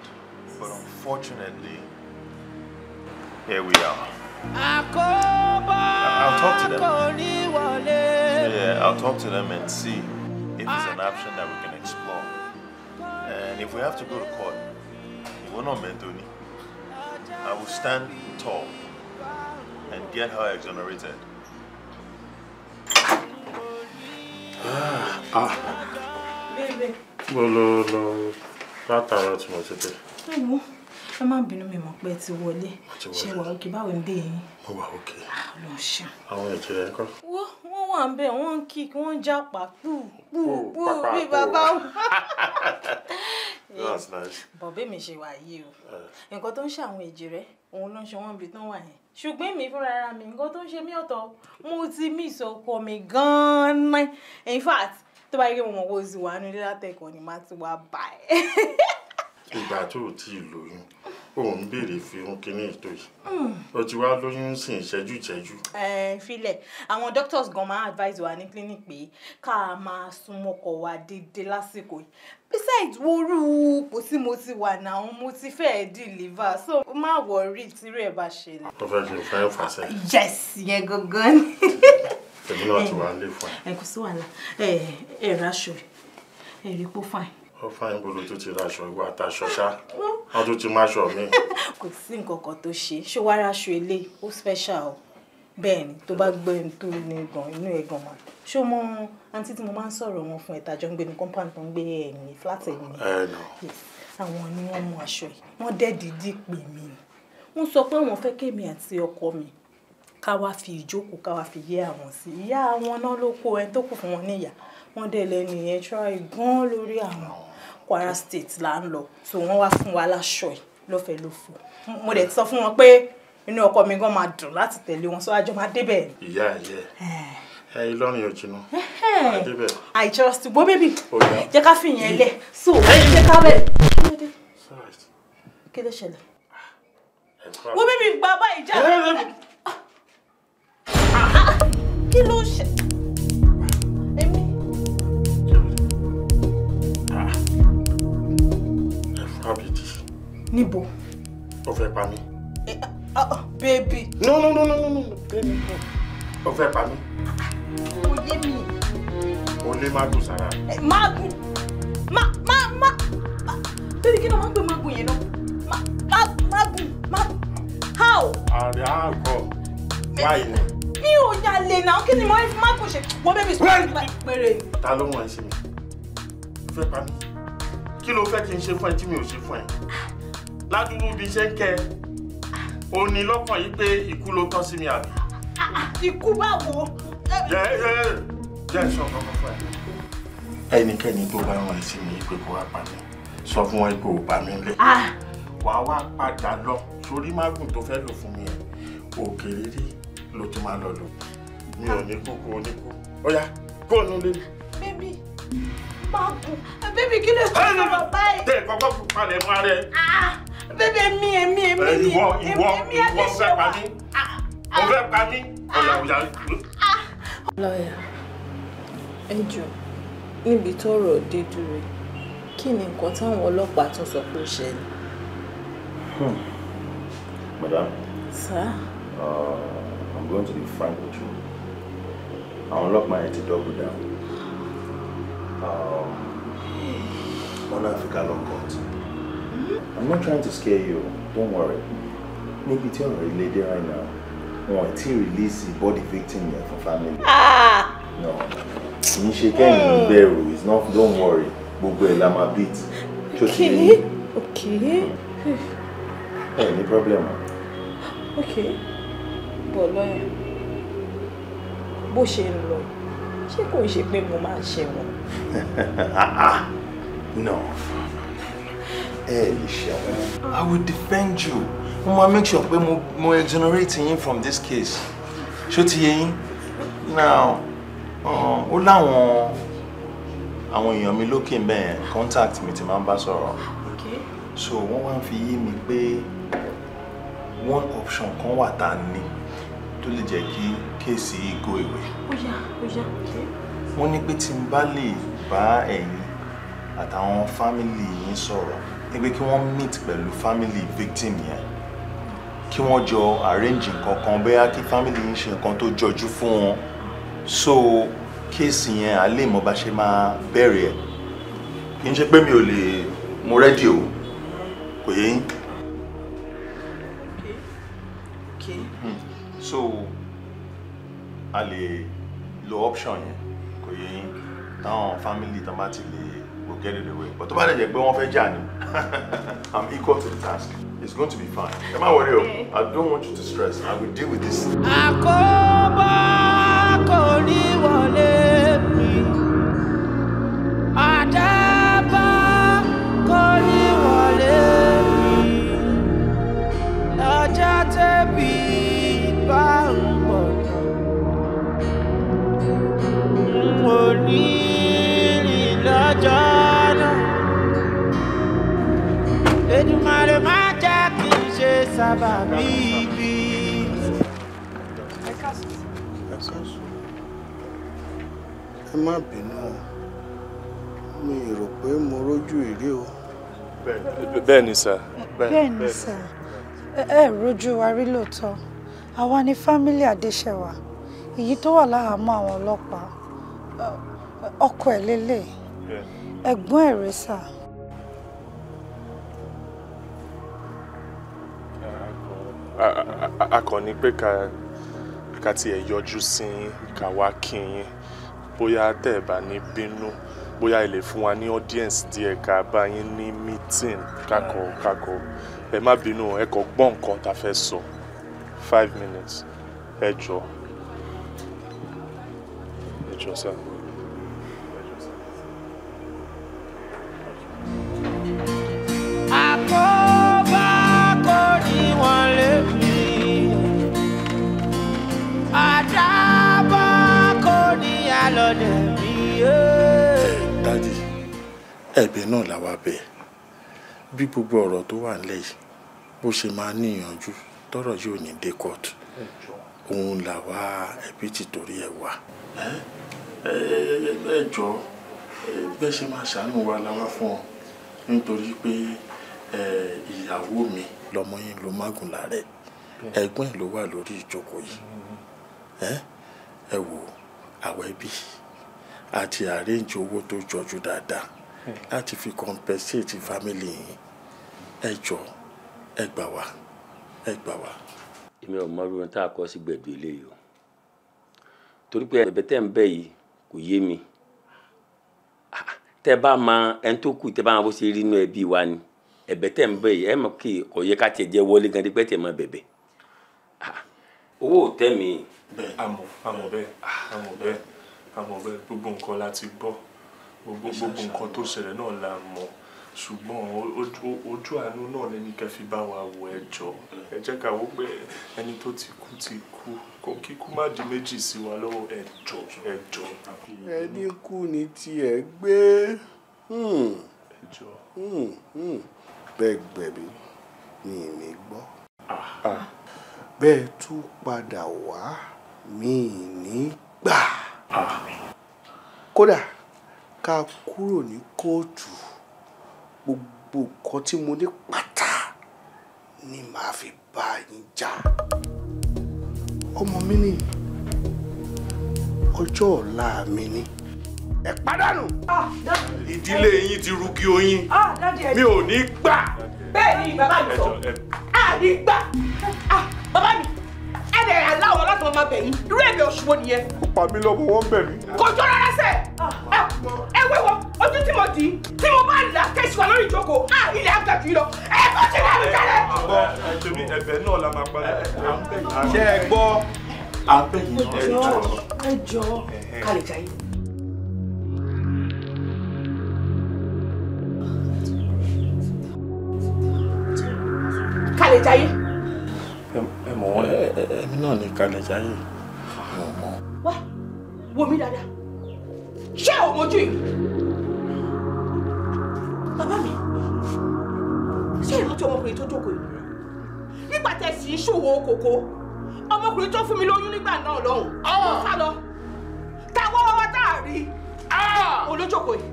but unfortunately, here we are. Àkóbá kò ní wọlé. Yeah, I'll talk to them and see if it's an option that we can explore. And if we have to go to court, it will not Tony. I will stand tall and get her exonerated. Ah. Baby. No, no, no. Not that much, no, ẹ má bínú mi mọ̀ pé ẹ ti wọlé ṣe wà òkè báwo ń bí yín. mo wà òkè. lọ ṣe. àwọn ẹ̀jẹ̀ rẹ̀ kọ́. wọ́n wọ́n wà ń bẹ̀ wọ́n ń kík wọ́n ń jápa pù pù pù bí bàbá wọn. that's nice. bọ̀bẹ́ mi ṣe wà yìí o eh. nǹkan tó ń ṣe àwọn ẹ̀jẹ̀ rẹ̀ òun ló ń ṣe wọ́n ibi tán wà yẹn ṣùgbọ́n èmi fúnra ara mi nǹkan tó ń ṣe mí ọ̀tọ̀ mo ti mí ìsọkọ mi gan-an in fact tó bá yẹ kí mo mọ̀ kó o sì wà nílé látẹ̀kọ̀ ni má ti wá bá ẹ. ìgbà tó o tí ì lóyún òun béèrè fi ohun kínní ètò yìí hmm. o ti wá lóyún sí ìṣẹ́jú ìṣẹ́jú. ẹ filẹ àwọn doctors gan máa advise wa ní clinic pé ká máa súnmọ́ ọkọ wa déédéé lásìkò yìí besides wóoru kò sí mo ti wà náà mo ti fẹ́ deliver so má wọrí tírú ẹ̀ bá ṣẹlẹ̀. tó fẹ́ ṣe fẹ́ fà sẹ́yìn. yes yẹn gangan ni. èmi náà ti wà á lè fún ẹ. ẹ kò sí wàhálà ẹ ẹ ráṣọ ẹ rí pó fine ó fáyín bolo tó ti ra aṣọ ìwà àtàṣọ ṣá wọn tún ti má aṣọ mi. kò sí nǹkan kan tó ṣe ṣó wàá raṣọ eléyìí ó special o bẹ́ẹ̀ ni tó bá gbé tó ní gan inú ẹ̀ gan máa ṣó mọ àǹtí tí mo máa ń sọ̀rọ̀ wọn fún ẹ̀ta jọ ń gbé ní compound tó ń gbé ẹ̀yìn flat ẹ̀yìn eh, àwọn ni wọ́n mú aṣọ yìí wọ́n dẹ́ dídí pè mí wọ́n sọ pé wọ́n fẹ́ kémi àti ọkọ mi ká wá fi ìjókòó ká wá fi yé àwọn sí ìyá àwọn náà ló kó ẹni tó kù fún wọn níyà wọ́n dẹ̀ lẹ́nu yẹn try gan lórí àwọn Kwara State là ń lọ so wọ́n wá fún wa láṣọ ẹ̀ lọ́fẹ̀ẹ́ ló fò mo dẹ̀ ti sọ fún wọn pé inú ọkọ mi gan máa dùn láti tẹ̀lé wọn sọ àjọ máa débẹ̀. ìyá ẹ̀yẹ eh. ẹ ìlọrin òjìnà àdébẹ̀. Eh. I just gbọ́ baby. jẹ́ ká fi yẹn lẹ̀ so jẹ́ ká bẹ̀. kí ló ṣẹlẹ̀ wọ́n bébì gba báyìí eh, já. Ah, ah, ah. kí ló ṣẹlẹ̀. Nibo, Ó fẹ́ pa mí. Eh, ah, ah, baby. No, no, no, no, no, no, baby. Ó fẹ́ pa mí. Ó yé mi. Ó magu, mágùn eh, Magu, ma, ma, ma. má. Baby, kí magu, magu, ń no. Ma, magu, náà? Má, má, mágùn, mágùn. How? Àrẹ àgọ̀. Wáyé ni. Mi ò yàlè náà, kí ni mo rí mágùn ṣe? Wọ́n bẹ́ẹ̀ mi sọ pèrè. Ta ló wọ̀n ṣe mi? Ó fẹ́ pa mí. Kí ló fẹ́ kí n ṣe mi ò ṣe fún ẹ? ládùúgbò bíi ṣe ń kẹ ò ní lọ́kàn yìí pé ikú ló tán sí mi àbí. ikú báwo. jẹ jẹ jẹ sọ kankan fún ẹ. ẹnikẹ́ni tó bá rán sí mi pé kó wá pa sọ fún wọn pé ò bá mi lẹ. Ah. wàá wá padà lọ sórí mágùn tó fẹ́ lò fún mi ẹ̀ òkèèrè rí ló ti máa lọ lò mi ò ní kú kó o ní kú ó yá kó o nílé. bébí mágùn bébí kí ló ṣe é báyìí. tẹ ẹ kọ́kọ́ fún palẹ̀ mọ́ Bébé mi, èmi, èmi ni. Eh, ìwọ, ìwọ, ìwọ fẹ́ pa mí. Ah, ah. O fẹ́ pa mí. Ah. Ọ̀yà ọ̀yà. Lọ́yà, ẹ jọ̀ọ́, níbi tọ́rọ̀ dé dúró, kí ni nǹkan táwọn ọlọ́pàá tún sọ pé ó ṣẹlẹ̀? Hmm. Madam. Sir. Uh, I'm going to be frank with you. I unlock my ti double down. Um, wọ́n on Africa ká lọ I'm not trying to scare you don't worry níbi tí ọ̀rọ̀ ilé dé right now wọn ò tí ì release the body victim here for family. Ah! no kì in ṣe kẹ́yìn it's not don't worry gbogbo ẹ̀ la máa okay okay. Hey, ní problem okay bọ̀ lọ́yìn bó ṣe ń lọ ṣé kò ń ṣe pé mo máa no. I will defend you. Mama, make sure pé mo mo exonerate from this case. Ṣó ti yé yín? Now, uh, ó láwọn àwọn èèyàn mi lókè ń contact me, ti máa ń bá So wọ́n wá ń fi yé mi pé one option kan wà tá to ní tó lè case kí kéèsì yìí go away. Okay. ní pé tí n bá lè Ba, ẹ̀yin àtàwọn family, yín sọ̀rọ̀ ni pé kí wọ́n meet pẹ̀lú family victim yẹn kí wọ́n jọ arrange nǹkan kan bẹ́ẹ̀ kí family yìí ṣe nǹkan tó jọjú fún wọn so kéèsì yẹn a lè mọ bá ṣe máa bẹ̀rẹ̀ ẹ̀ kì í ṣe pé mi ò lè mo rẹ́dì o kò yé yín. Hmm. so a lè lo option yẹn kò yé yín táwọn family tán bá ti lè go get it away but tó bá dẹ̀ jẹ́ pé i'm equal to the task it's going to be fine ẹ má worry o i don't want you to stress i will deal with this. àkóbá lè má jẹ́ kí n ṣe sábàbí ibi. ẹ má bínú o mi rò pé mo rójú ìrí o. bẹ́ẹ̀ ni sà. bẹ́ẹ̀ ni sà ẹ rójú wa rí lóòótọ́ àwa ni fámílì Adéṣẹwà èyí tó wà láhàámọ́ àwọn ọlọ́pàá ọkọ ẹ̀ lélẹ̀ ẹ̀gbọ́n ẹ̀ akọni pé ká ká tiẹ̀ yọjú sí yín wá kí bóyá tẹ́ ẹ̀ bá ní bínú bóyá ẹ fún wa ní audience díẹ̀ ká bá yín ní meeting kákọ kákọ ẹ má bínú ẹ kò gbọ́ nǹkan tá a fẹ́ sọ five minutes ẹ jọ ẹ jọ sáà. lọ́dẹ̀ mi. Eh. dádì ẹ̀bẹ̀ náà làwa bẹ̀ bí gbogbo ọ̀rọ̀ tó wà nílẹ̀ yìí bó ṣe máa níyànjú tọ́rọ̀ yóò ní dé kóòtù òun làwa ẹbí ti torí ẹ̀ wá. ẹ jọ bẹ́ẹ̀ ṣe máa ṣàánú wa làwa fún ọ nítorí pé ìyàwó mi lọmọ yín ló mágùn lára ẹ ẹ ló wà lórí ìjókòó yìí mm-hmm. ẹ wò ó àwẹ̀bí àti àrẹ́ǹjì owó tó jọjú dáadáa láti fi compensate family yìí ẹ jọ ẹ gbà wá ẹ gbà wá. èmi ò mọ irun tá a kọ o torí pé ń mi tẹ́ bá ma ẹni tó kù bá wa ni ń yìí ẹ kí owó ò mi àmọ́ àmọ́ bẹ́ẹ̀ àmọ́ bẹ́ẹ̀ àmọ́ bẹ́ẹ̀ gbogbo nǹkan la ti gbọ́ gbogbo gbogbo nǹkan tó ṣẹlẹ̀ náà la mọ̀ ṣùgbọ́n ojú àánú náà lẹni kẹfí bá wa wọ ẹjọ́ ẹ jẹ́ ká wó pé ẹni tó ti kú ti kú kò kíkú má di méjì sí wa lọ́wọ́ ẹjọ́ ẹjọ́. ẹni kú ni tiẹ̀ gbé hmm. ẹjọ́ hmm, hmm. bẹ́ẹ̀ gbẹ̀bí ni èmi gbọ́ ah. Ah. bẹ́ẹ̀ tún padà wá mi ní gbà. kódà ká kúrò ní kóòtù gbogbo nǹkan tí mo ní pátá ni màá fi bá yín jà. ọmọ mi ni ọjọ́ ọ̀la mi ni ẹ pàdánù ìdílé yín ti rugi oyin mi ò ní gbà. bẹ́ẹ̀ ni bàbá mi sọ àní gbà ah, bàbá mi ẹ lè aláwọ̀ láti máa bẹ̀ yín irú ẹ̀bẹ̀ òṣùwọ̀n nìyẹn. ó pa mí lọ́wọ́ wọ́n bẹ̀ mí. kò jọ rárá sẹ́ ẹ wẹ́wọ́ ojú tí mo dì í tí mo bá là kẹ́sì wa lórí ìjókòó à ilẹ̀ àgbà jù lọ ẹ kó ti rà mí jálẹ̀. àbọ̀ ẹ̀jọ̀bí ẹ̀bẹ̀ náà la máa padà ṣe é gbọ́ àbẹ̀yìn ẹ̀jọ̀ ẹ̀jọ̀ kálí jayé. kálí jayé ẹ̀mí náà ní kalẹ̀ jáyé ọmọ. wá wo mi dáadáa ṣé o mojú yìí bàbá mi ṣé ìrántí ọmọkùnrin tó jókòó yìí nígbà tẹ sì ń ṣòwò kòkó ọmọkùnrin tó fún mi lóyún nígbà náà lọ́hùn ọmọ ah! sá lọ táwọn wá tá a rí olójókòó ah! yìí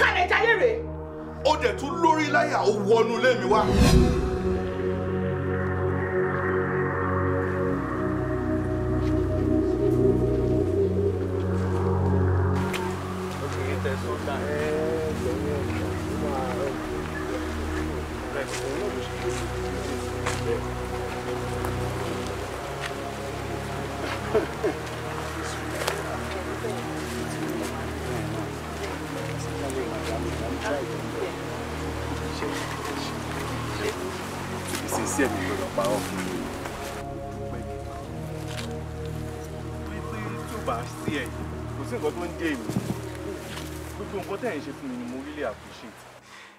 kalẹ̀ jáyé rèé. ó dẹ̀ tún lórí láyà ó wọnú lé mi wá.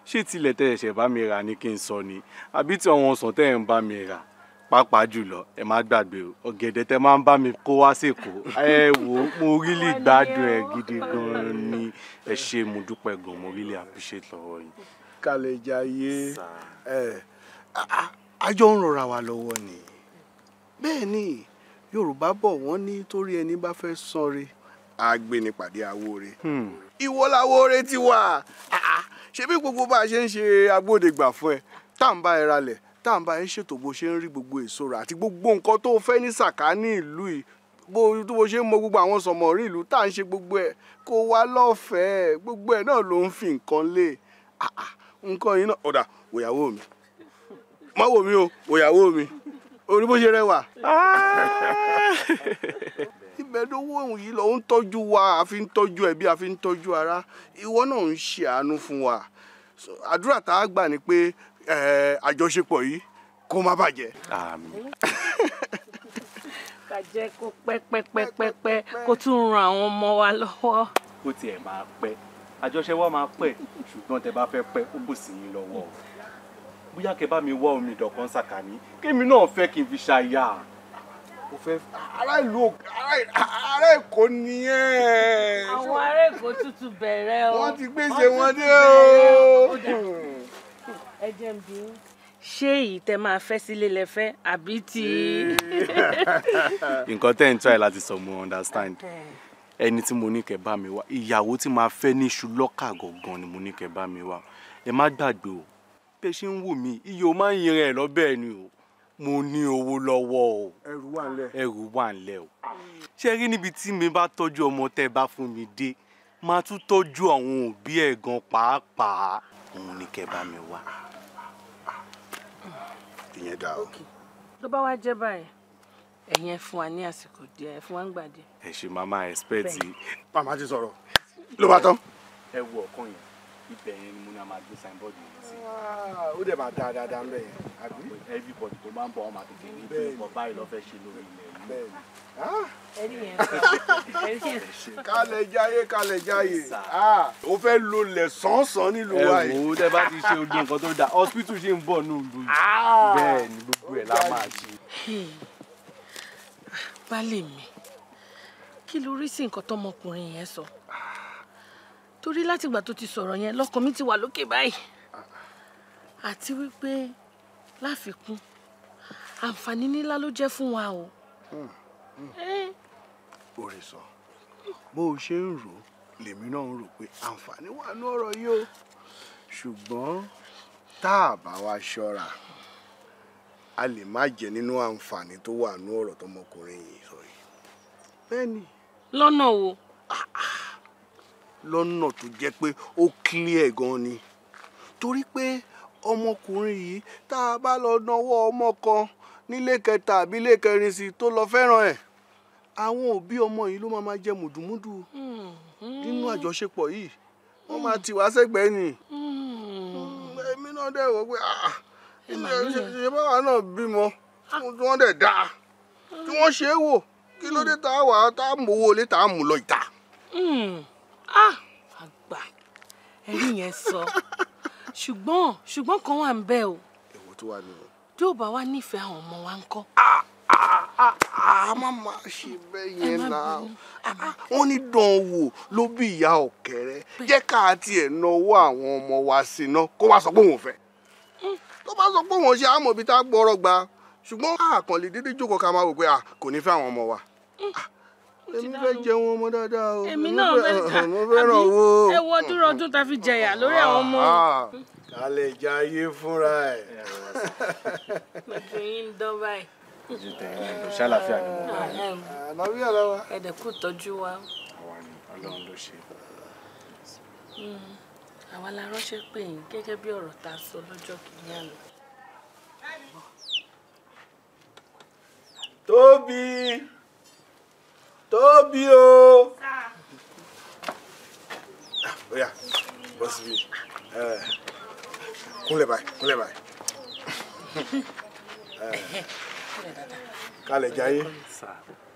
ṣé tilẹ̀ tẹ́ ẹ̀ṣẹ̀ bá mi rà ni kí n sọ ni àbí tí àwọn ọsàn tẹ́ ẹ̀ ń bá mi rà pàápàá jùlọ ẹ má gbàgbé o ọ̀gẹ̀dẹ̀ tẹ́ máa ń bá mi kó wá sèkó ẹ wò ó mo rílì gbádùn ẹ gidi gan ni ẹ ṣe mo dúpẹ́ gan mo rílì appreciate lọ́wọ́ yìí. kálẹ̀ jayé ẹ àjọ ń rọra wa lọ́wọ́ ni bẹ́ẹ̀ ni yorùbá bọ̀ wọ́n ní torí ẹni bá fẹ́ sanre àgbẹ̀ nípàdé àwòrè hmm. ìwọ́láwòrè ti wà ṣebí gbogbo bá a ṣe ń ṣe agbódegbà fún ẹ tá à ń bá ẹ ralẹ̀ tá à ń bá ẹ ṣètò bó ṣe ń rí gbogbo èso rà àti gbogbo nǹkan tó fẹ́ ní sàkání ìlú yìí bó tó bó ṣe ń mọ gbogbo àwọn sọmọrí ìlú tá à ń ṣe gbogbo ẹ kó wá lọ́fẹ̀ẹ́ gbogbo ẹ náà ló ń fi nǹkan lé nǹkan yìí náà ọ̀dà òyàwó mi má wò mí o òyàwó mi orí bó ṣe rẹwà. bẹ lówó òun yìí lọ ń tọ́jú wa àfi ń tọ́jú ẹbí àfi ń tọ́jú ara ìwọ náà ń ṣe àánú fún wa àdúrà tá a gbà ni pé àjọṣepọ̀ yìí kó má bàjẹ́. àmín. bàjẹ́ kó pẹ́ pẹ́ pẹ́ pẹ́ pẹ́ kó tún ran àwọn ọmọ wa lọ́wọ́. kó tiẹ̀ máa pẹ́ àjọṣe wa máa pẹ́ ṣùgbọ́n tẹ bá fẹ́ pẹ́ ó kò sí yín lọ́wọ́ bóyá kẹ bá mi wá omi ìdọ̀kan ṣàkàní kémi náà fẹ́ kí n fi ṣàyà kò fẹ́ ará ìlú ará èkó nìyẹn. àwọn ará èkó tútù bẹ̀rẹ̀ o. wọ́n ti gbéṣe wọn dé o. ẹ jẹ́ n bí ṣé èyí tẹ máa fẹ́ sílé lẹ àbí ti. nǹkan tẹ́ ń try láti sọ mo understand ẹni tí mo ní kẹ́ bá mi wá ìyàwó tí máa fẹ́ ní iṣu lọ́kà gangan ni mo ní kẹ́ bá mi wá ẹ má gbàgbé o bẹ́ẹ̀ ṣe ń wù mí iyọ̀ máa ń yin rẹ̀ lọ́bẹ̀ ni o mo ní owó lọ́wọ́ o ẹrù wà ńlẹ̀ ẹrù o ṣé rí níbi tí mi bá tọ́jú ọmọ tẹ́ bá fún mi dé máa tún tọ́jú àwọn òbí ẹ̀ gan pàápàá òun ni kẹ́ bá mi wá. ìyẹn dà o. tó bá wá jẹ́ báyìí ẹ̀yin ẹ̀ fún wa ní àsìkò díẹ̀ ẹ̀ fún wa ń gbà díẹ̀. ẹ ṣe màmá expect. màmá ti sọ̀rọ̀ ló bá tán. ẹ wo ọ̀kan yẹn ibẹ̀ yẹn ni mo ní a máa gbé signboard yẹn sí. ó dẹ̀ máa dáa dáadáa ńbẹ̀ yẹn àbí. everybody tó máa ń bọ̀ wọn máa tètè ní pé ọkọ̀ báyìí lọ́ fẹ́ ṣe lórí ilẹ̀ yìí. ẹni yẹn ẹni yẹn. kálẹ̀ jáyé kálẹ̀ jáyé ó ah, fẹ́ lo lẹ̀ sánsan nílùú wa yìí. ẹ wò ó tẹ bá ti ṣe ojú nǹkan tó dáa hospital ṣì ń bọ̀ nílùú yìí ah! bẹ́ẹ̀ ni gbogbo ẹ̀ la máa ṣe. Ah, baálé mi kí ló rí sí nǹkan tọmọkùnrin yẹn sọ. So torí látìgbà tó ti sọ̀rọ̀ yẹn lọ́kàn mi ti wà lókè báyìí àti wípé láfikún àǹfààní ńlá ló jẹ́ fún wa o. Hmm, hmm. orí sọ bó o ṣe ń rò lèmi náà ń rò pé àǹfààní wà ní ọ̀rọ̀ yìí o ṣùgbọ́n tá a bá wa ṣọ́ra a lè má jẹ nínú àǹfààní tó wà ní ọ̀rọ̀ tọmọkùnrin yìí sọ yìí. bẹ́ẹ̀ ni. lọ́nà wo. Ah, ah lọ́nà tó jẹ́ pé ó clear gan ni torí pé ọmọkùnrin yìí tá a bá lọ náwó ọmọ kan nílé kẹta àbí ilé kẹrin sí tó lọ fẹ́ràn ẹ̀ àwọn òbí ọmọ yìí ló máa máa jẹ mùdùmúdù mm-hmm. nínú àjọṣepọ̀ yìí wọ́n máa tì wá sẹ́gbẹ̀ẹ́ nì mm-hmm. èmi náà dẹ̀ wọ́n pé ah, ṣe báwa náà bímọ ah. tí wọ́n dẹ̀ dáa tí wọ́n ṣe é wò kí ló dé mm. tá a wà á tá a mú owó lé tá a mú lọ ìta. Mm. Ah, àgbà ẹ̀rí yẹn sọ ṣùgbọ́n ṣùgbọ́n kan wà ń bẹ̀ o. èwo tó wà nínú. tí ò bá wá nífẹ̀ẹ́ àwọn ọmọ wa ń kọ́. Ah, ah, a má má ṣe bẹ́ẹ̀ yẹn náà wọ́n ní dánwò ló bí ìyá ọ̀kẹ́rẹ́ jẹ́ ká tiẹ̀ náwó àwọn ọmọ wa sí iná kó wá sọ pé òun fẹ́ hmm. tó bá sọ pé òun ṣe àmọ̀ ibi tá a gbọ́rọ̀ gba ṣùgbọ́n àkànlè dídí jókòó ká máa wò pé kò ní fẹ́ àwọn ọmọ wa. Hmm èmi fẹ́ jẹun ọmọ dáadáa o èmi náà fẹ́ sà mo fẹ́ràn owó ẹ wo dúró ọdún tá a fi jẹyà lórí ah. àwọn ọmọ. ká lè jẹ ayé fúnra ẹ. mẹtìrín ń dán báyìí. ojú tẹ ẹ lọ ṣàlàfíà ni mo bá yín. Ah, àlàáfíà ara wa. ẹ̀dẹ̀ kù tọ́jú wa. àwa ni ọlọ́run ló ṣe. Hmm. àwa la ránṣẹ́ pè yín gẹ́gẹ́ bí ọ̀rọ̀ tá sọ lọ́jọ́ kìíní àná. Tóbi tóbi o. bóyá bọ́ síbi kúnlẹ̀ báyìí kúnlẹ̀ báyìí kálẹ̀ jayé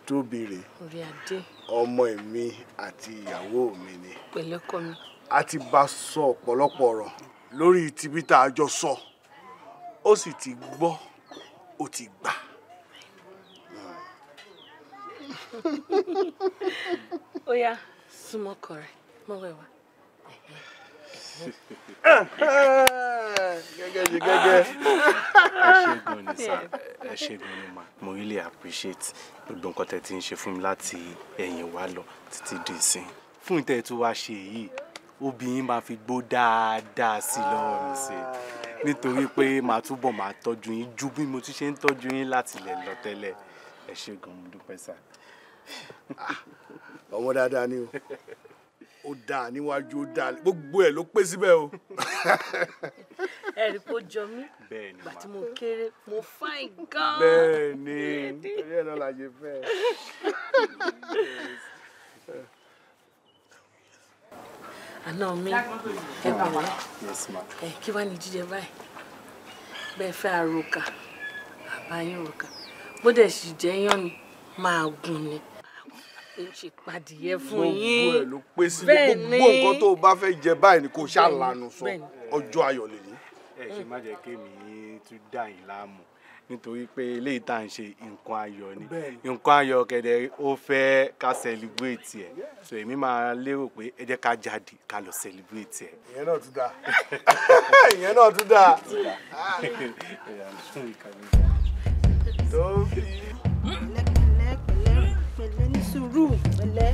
tóbi rè ọmọ mi àti ìyàwó mi ni a ti bá sọ ọ̀pọ̀lọpọ̀ ọ̀rọ̀ lórí tibítà àjọsọ ó sì ti gbọ́ ó ti gbà. ó yá súnmọ́ ọkọ rẹ̀ mọ́wọ́ ẹ̀ wá. gẹ́gẹ́ bí gẹ́gẹ́ ẹ ṣe gan ni sá ẹ ṣe gan ni ma mo really appreciate gbogbo nǹkan tẹ́ ti ń ṣe fún mi láti ẹ̀yìn wá lọ títí di ìsìn fún ìtẹ́ tó wá ṣe yìí obìnrin máa fi gbó dáadáa sí i lọ́wọ́ mi sí i nítorí pé màá túbọ̀ máa tọ́jú yín ju bí mo ti ṣe ń tọ́jú yín láti lè lọ tẹ́lẹ̀ ẹ ṣe gan mo dúpẹ́ sáà. Ah, ọmọ dáadáa ni o ó dáa níwájú ó dáa gbogbo ẹ ló pé síbẹ̀ o. ẹ rí kó jọ mí ìgbà tí mo kéré mo fáìn gan-an. ni torí ẹ̀ náà la ṣe fẹ́ ẹ. àná mi ẹ bọ̀ ẹ kí wàá ní jíjẹ báyìí bẹ́ẹ̀ fẹ́ àròkà àbáyé òrùka bó dẹ̀ sì jẹ́ yán ni máa gùn ni èjì pàdìyẹ fún yín gbogbo ẹ gbogbo nǹkan tó o bá fẹ́ jẹ báyìí ni kò ṣàlànà sọ ọjọ́ ayọ̀ lè ní. ẹ ṣe má jẹ́ kémi tún dà yín láàmú nítorí pé eléyìí tá à ń ṣe nǹkan ayọ̀ ni nǹkan ayọ̀ kẹ̀dẹ̀ ó fẹ́ ká celebrate ẹ̀ so èmi máa lérò pé ẹ jẹ́ ká jáde ká lọ celebrate ẹ̀. ìyẹn náà tún dáa ìyẹn náà tún dáa. To rule, pẹ̀lẹ́.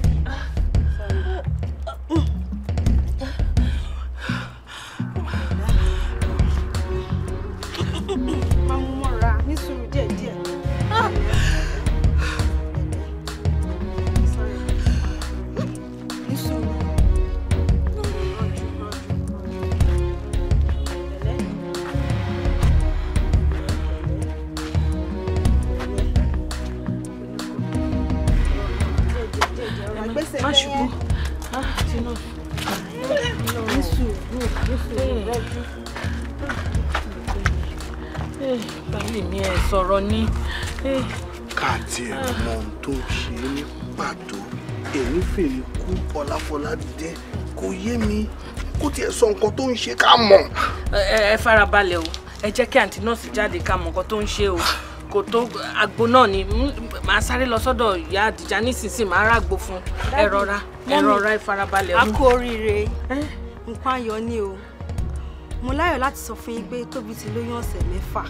Mm-hmm. báyìí mi ẹ sọ̀rọ̀ ni. káàtì ẹ̀ mọ ohun tó ń ṣe é ní pàtó èmi fèrè kú ọláfọlá dé kò yé mi kó tiẹ̀ sọ nǹkan tó ń ṣe ká mọ̀. ẹ farabalẹ̀ o ẹ jẹ́ kí àǹtí nọ́ọ̀sì jáde ká mọ̀ nǹkan tó ń ṣe o kò tó agbo náà ni màá sáré lọ sọ́dọ̀ ìyá àdìjá nísinsìnyí màá ràgbo fún ẹ rọra ẹ rọra ẹ farabalẹ̀ o. a kú oríire. Eh? nǹkan ayọ̀ ni o mo láyọ̀ láti sọ fún yín pé Tóbi ti lóyún ọ̀sẹ̀ mẹ́fà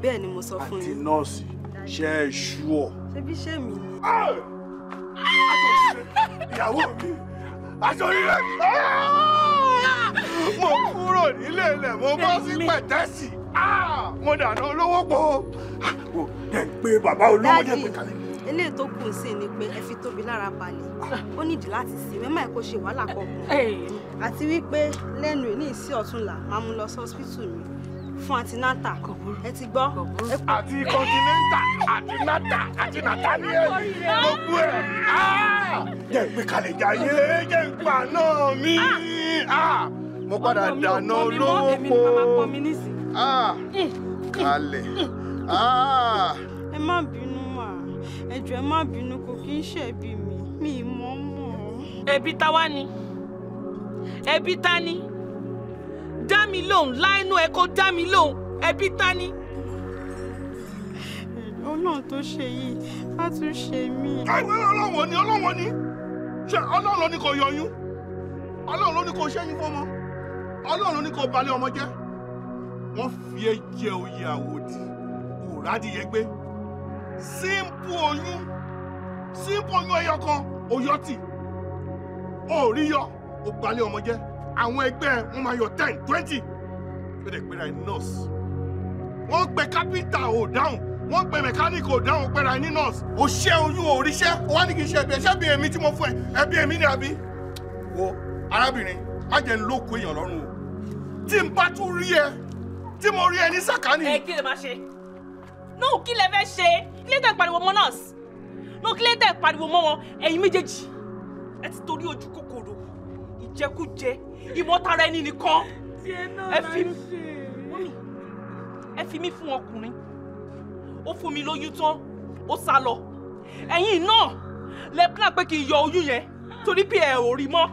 bẹ́ẹ̀ ni mo sọ fún yín. àǹtí nọ́ọ̀sì ṣe é ṣú ọ. ṣebí ṣé mi ni. Ah! ìyàwó mi aṣọ rírẹ ah! mo kúrò nílé ilẹ̀ mo bọ́ sí pẹ̀tẹ́sì ah! mo dànù olówó pọ̀ o dẹ̀ ń bàbá olówó dẹ̀ pé kàlẹ́ eléyìí tó kù sí ni pé ẹ fi tóbi lára balẹ̀ ó nídìí láti sinmi ẹ má kó ṣe wàhálà kankan àti wípé lẹ́nu ìní ìsí ọ̀túnla máa mú lọ sí hospital mi fún antinata ẹ ti gbọ́. àti continental àti nata àti nataniel gbogbo ẹ ah! jẹ́ ń pè kalẹ̀ jayé jẹ́ ń pa náà mi ah! Ah! mo padà dáná olówó po eh, eh, kalẹ̀. Eh, ẹ má bínú ẹjọ ẹ má bínú kò kí ń ṣẹ̀bi mi mi ì mọ̀ mọ̀. ẹbí ta wá ni ẹbí ta ni dá mi lóhùn láìnú ẹ kó dá mi lóhùn ẹbí ta ni. ọlọ́run tó ṣe yìí á tún ṣe mí. káìpẹ́ ọlọ́wọ́ ni ọlọ́wọ́ ni ṣe ọlọ́run ló ní kó yọyún ọlọ́run ló ní kó ṣẹ́yìn fọ́mọ ọlọ́run ló ní balẹ̀ ọmọ jẹ́ wọ́n fi ẹ jẹ oyè àwòdì òrádìyẹ gbé. Simple oyún simple oyún ẹyọ kan òyọtì òrí yọ ògbálẹ̀ ọmọ jẹ́ àwọn ẹgbẹ́ wọn máa yọ ten twenty ó lè pera ẹni nurse wọ́n pe kápẹ́ńtà ò dáhùn wọ́n pe mẹkáníìkì ò dáhùn pera ẹni nurse ò ṣe oyún ò ríṣẹ́ wọ́n ní kí n ṣe ẹbí ẹṣẹ́ bí èmi tí mo fún ẹ ẹbí èmi ni àbí wo arábìnrin má jẹ́ ń lóko èèyàn lọ́rùn o tí n bá tún rí ẹ tí mo rí ẹ ní sàkání. ẹ kí lè máa ṣe náà kí lẹ fẹ́ ṣe kí lẹ tẹ̀ pariwo mọ́ nọ́ọ̀sì náà kí lẹ tẹ̀ pariwo mọ́ wọn ẹ̀yin méjèèjì ẹ ti torí ojú kòkòrò ìjẹkújẹ ìmọ̀tara ẹni nìkan ẹ fi mí ẹ fi mí fún ọkùnrin ó fún mi lóyún tán ó sá lọ ẹ̀yin náà lẹ plan pé kí n yọ oyún yẹn torí pé ẹ ò rí mọ́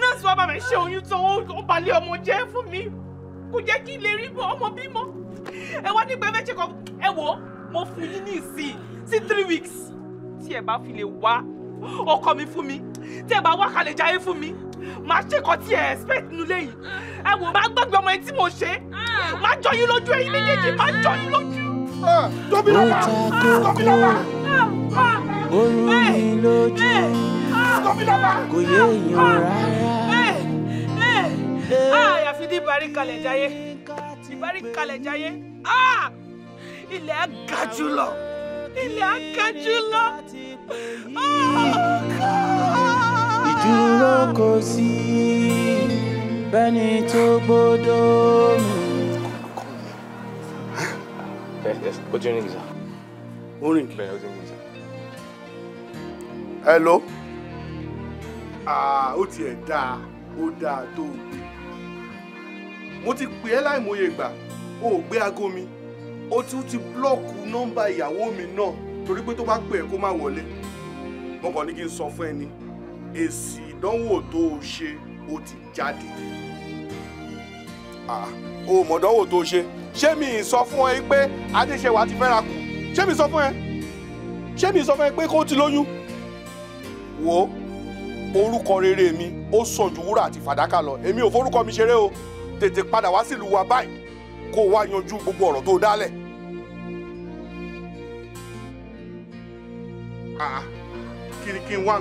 nọ́ọ̀sì wa bá mi ṣe oyún tán ó balẹ̀ ọmọ jẹ́ fún mi kò jẹ́ kí n lè rí ọmọ bímọ ẹ wá nígbà fẹ́ check up ẹ wò ó mo fún yín ní ìsìn sí three weeks tí ẹ bá fi lè wá ọkọ mi fún mi tí ẹ bá wá kalẹ̀ jáyé fún mi màá ṣèkọ tí ẹ expect nulẹ̀ yìí ẹ wò má gbàgbé ọmọ yẹn tí mo ṣe má jọ yín lójú ẹ̀yin méjèèjì má jọ yín lójú. Ah, tóbi lọ́wọ́ tóbi lọ́wọ́ oru ah, mi eh, lójú eh, ah, tóbi lọ́wọ́ kò yé èèyàn rárá. Eh, àyàfi dí parí kalẹ̀ jáyé ti bá rí kalẹ̀ jayé ah! ilẹ̀ á ga jù lọ ilẹ̀ á ga jù lọ. Ah! ìdúró kò sí bẹ́ni tó gbọ́dọ̀ mi. Ó ti rìn Ó rìn Bẹ́ẹ̀ ó ti rìn kìí sá. Hello. Ah, ó tiẹ̀ dáa, ó dáa tó o bí mo ti pè ẹ́ láìmọye ìgbà o ò gbé aago mi o tún ti búlọ́ọ̀kù nọ́mbà ìyàwó mi náà torí pé tó bá pè ẹ́ kó má wọlé mo kàn ní kí n sọ fún ẹni èsì ìdánwò tó o ṣe o ti jáde o mọ̀dánwò tó o ṣe ṣé mi ì sọ fún ẹ pé adéṣẹwà ti fẹ́ra kù ṣé mi sọ fún ẹ ṣé mi sọ fún ẹ pé kó o ti lóyún wò ó orúkọ rere mi ó sàn ju wúrà àti fàdákà lọ èmi ò forúkọ mi ṣeré o tètè padà wá sílùú wa báyìí kó o wá yanjú gbogbo ọ̀rọ̀ tó dálẹ̀. Ah, kí ni kí n wá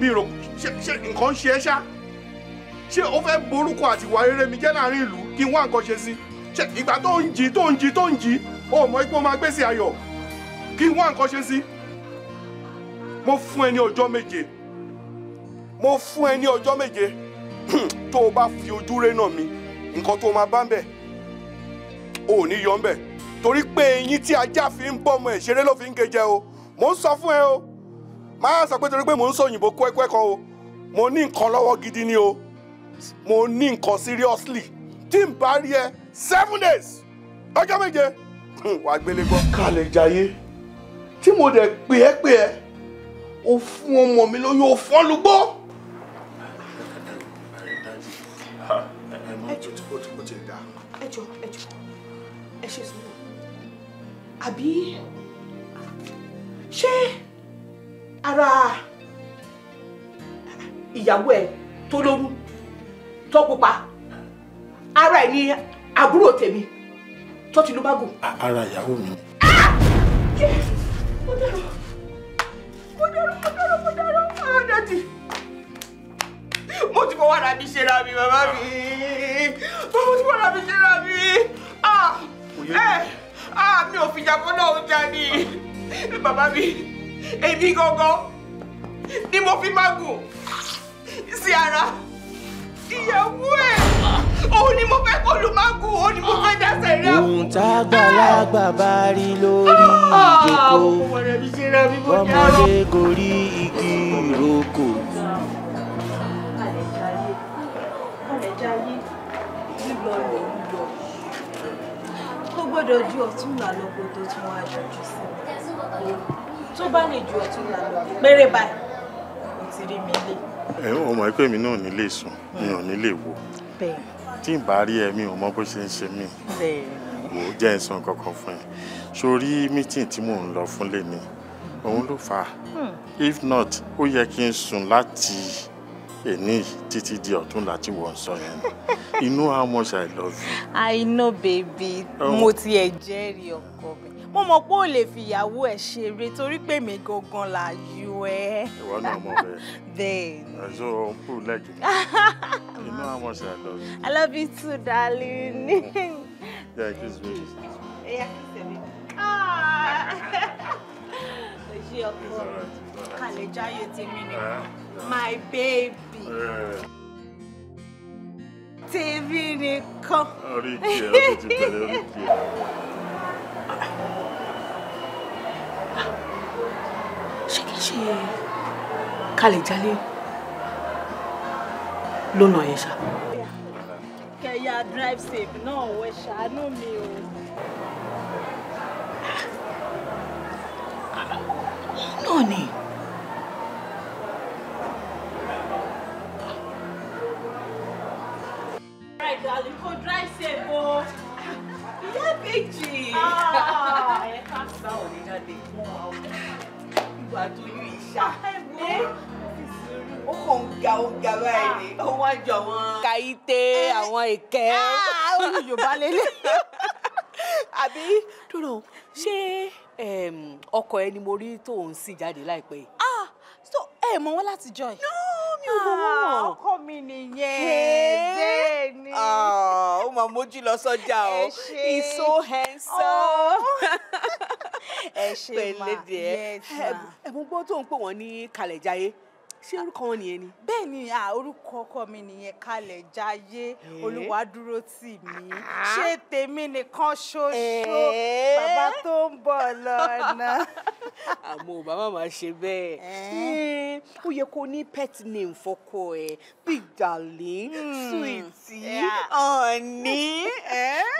mi rò ṣe nǹkan ṣe é ṣá ṣé o fẹ́ borúkọ àti ìwà rere mi jẹ́ láàrin ìlú kí n wá nǹkan ṣe sí ṣe ìgbà tó ń jí tó ń jí tó ń jí o mọ̀ ipò máa gbèsè ayọ̀ kí n wá nǹkan ṣe sí mo fún ẹ ní ọjọ́ méje mo fún ẹ ní ọjọ́ méje. tó o bá fi ojú rẹ náà mi nǹkan tó o máa bá ń bẹ̀ o ò ní yọ ń bẹ̀ torí pé eyín tí ajá fi ń bọ́ ọmọ ẹ̀ ṣeré ló fi ń ge jẹ o mò ń sọ fún ẹ o máa sọ pé torí pé mò ń sọ òyìnbó kúẹ́kúẹ́ kan o mo ní nǹkan lọ́wọ́ gidi ni o mo ní nǹkan seriously tí n bá rí ẹ seven days ọjọ́ méje wà á gbélé gbọ́. kalẹ̀ jayé tí mo dẹ̀ pè é pè é o fún ọmọ mi lóyún o fọ́n lùgbọ́. àbí ṣé ara ìyàwó ẹ tó lóyún tó pupa ara ẹ ní àbúrò tèmi tó ti ló bá gùn. ara ìyàwó mi. Ah! mo dárò mo dárò mo dárò mo dárò ara ah, dàdí mo ti fọwọ́ ara mi ṣera mi bàbá mi mo ti fọwọ́ ara mi ṣera mi. Ah! ah mi ò fìjà fún lọ́hùn jáde bàbá mi èmi gangan ni mo fi máa gùn sí ara ìyàwó ẹ̀ òun ni mo fẹ́ kó lu máa gùn òun ni mo fẹ́ dáṣẹ́ rẹ̀ àpò. ohun tá a gbàlagbà bá rí lórí ah, ìjókòó ọmọdé gorí igi ìrókò. Thank you gbọ́dọ̀ ju ọ̀túnla lọ kó tó tún wá yọjú sí mi tó bá lè ju ọ̀túnla lọ péré báyìí kò ti rí mi lé. ẹ ò mọ̀ pé èmi náà nílé sùn mi ò nílé wò tí n bá rí ẹ mi ò mọ bó ṣe ń ṣe mí wò ó jẹ́ ìsan kankan fún ẹ sórí mítìn tí mò ń lọ fún lè ní òun ló fà hmm. if not ó yẹ kí n sùn láti èní títí di ọ̀túnla tí wọ́n sọ yẹn you how much i love you. i know baby oh. mo tiẹ̀ jẹ́rìí ọkọ mi mo mọ̀ pé o lè fi ìyàwó ẹ̀ ṣeré torí pé mi gangan là yú ẹ. ìwọ ni. ẹ̀sọ́ òun kù lẹ́jọ́. you know how much i love you. i love you too darling. Mm. yeah kiss me. yeah kiss me. Ah! ṣe ọkọ rẹ kàlẹ́jáyé tèmi nìkan ah. my babe. Eh. tèmi nìkan. orí tiẹ̀ ó ti bẹ̀rẹ̀ orí tiẹ̀. ṣé kìí ṣe kalẹ̀ jalè lónà yẹn ṣá. kẹyà drive safe náà wẹ ṣàánú mi o. Ah, náà ni. ìtẹ àwọn ìkẹ́. Ah, ah, Yorùbá lélẹ̀. àbí dúró ṣé ọkọ ẹ ni mo rí tó ń sì jáde láìpẹ́ yìí. ah so ẹ mọ wọn láti jọ ẹ. mi ò mọ wọn. Ah, ọkọ mi nìyẹn bẹ́ẹ̀ ni. ó máa mójú lọ sọ́jà o he's so handsome. Oh. ẹ ṣe máa yẹ ẹ ti máa. ẹ mú gbọ́ tó ń pè wọ́n ní Kalẹ̀jayé ṣé orúkọ wọn nìyẹn ni. bẹ́ẹ̀ ni orúkọ ọkọ mi nìyẹn kalẹ̀ jayé olùwádúró tì mí ah. ṣé tèmi nìkan ṣoṣo bàbá tó ń bọ̀ lọ́nà. àmọ́ ò bá má máa ṣe bẹ́ẹ̀ ó yẹ kó ní pet name fọ́kọ ẹ̀ big darling hmm. sweetie honey.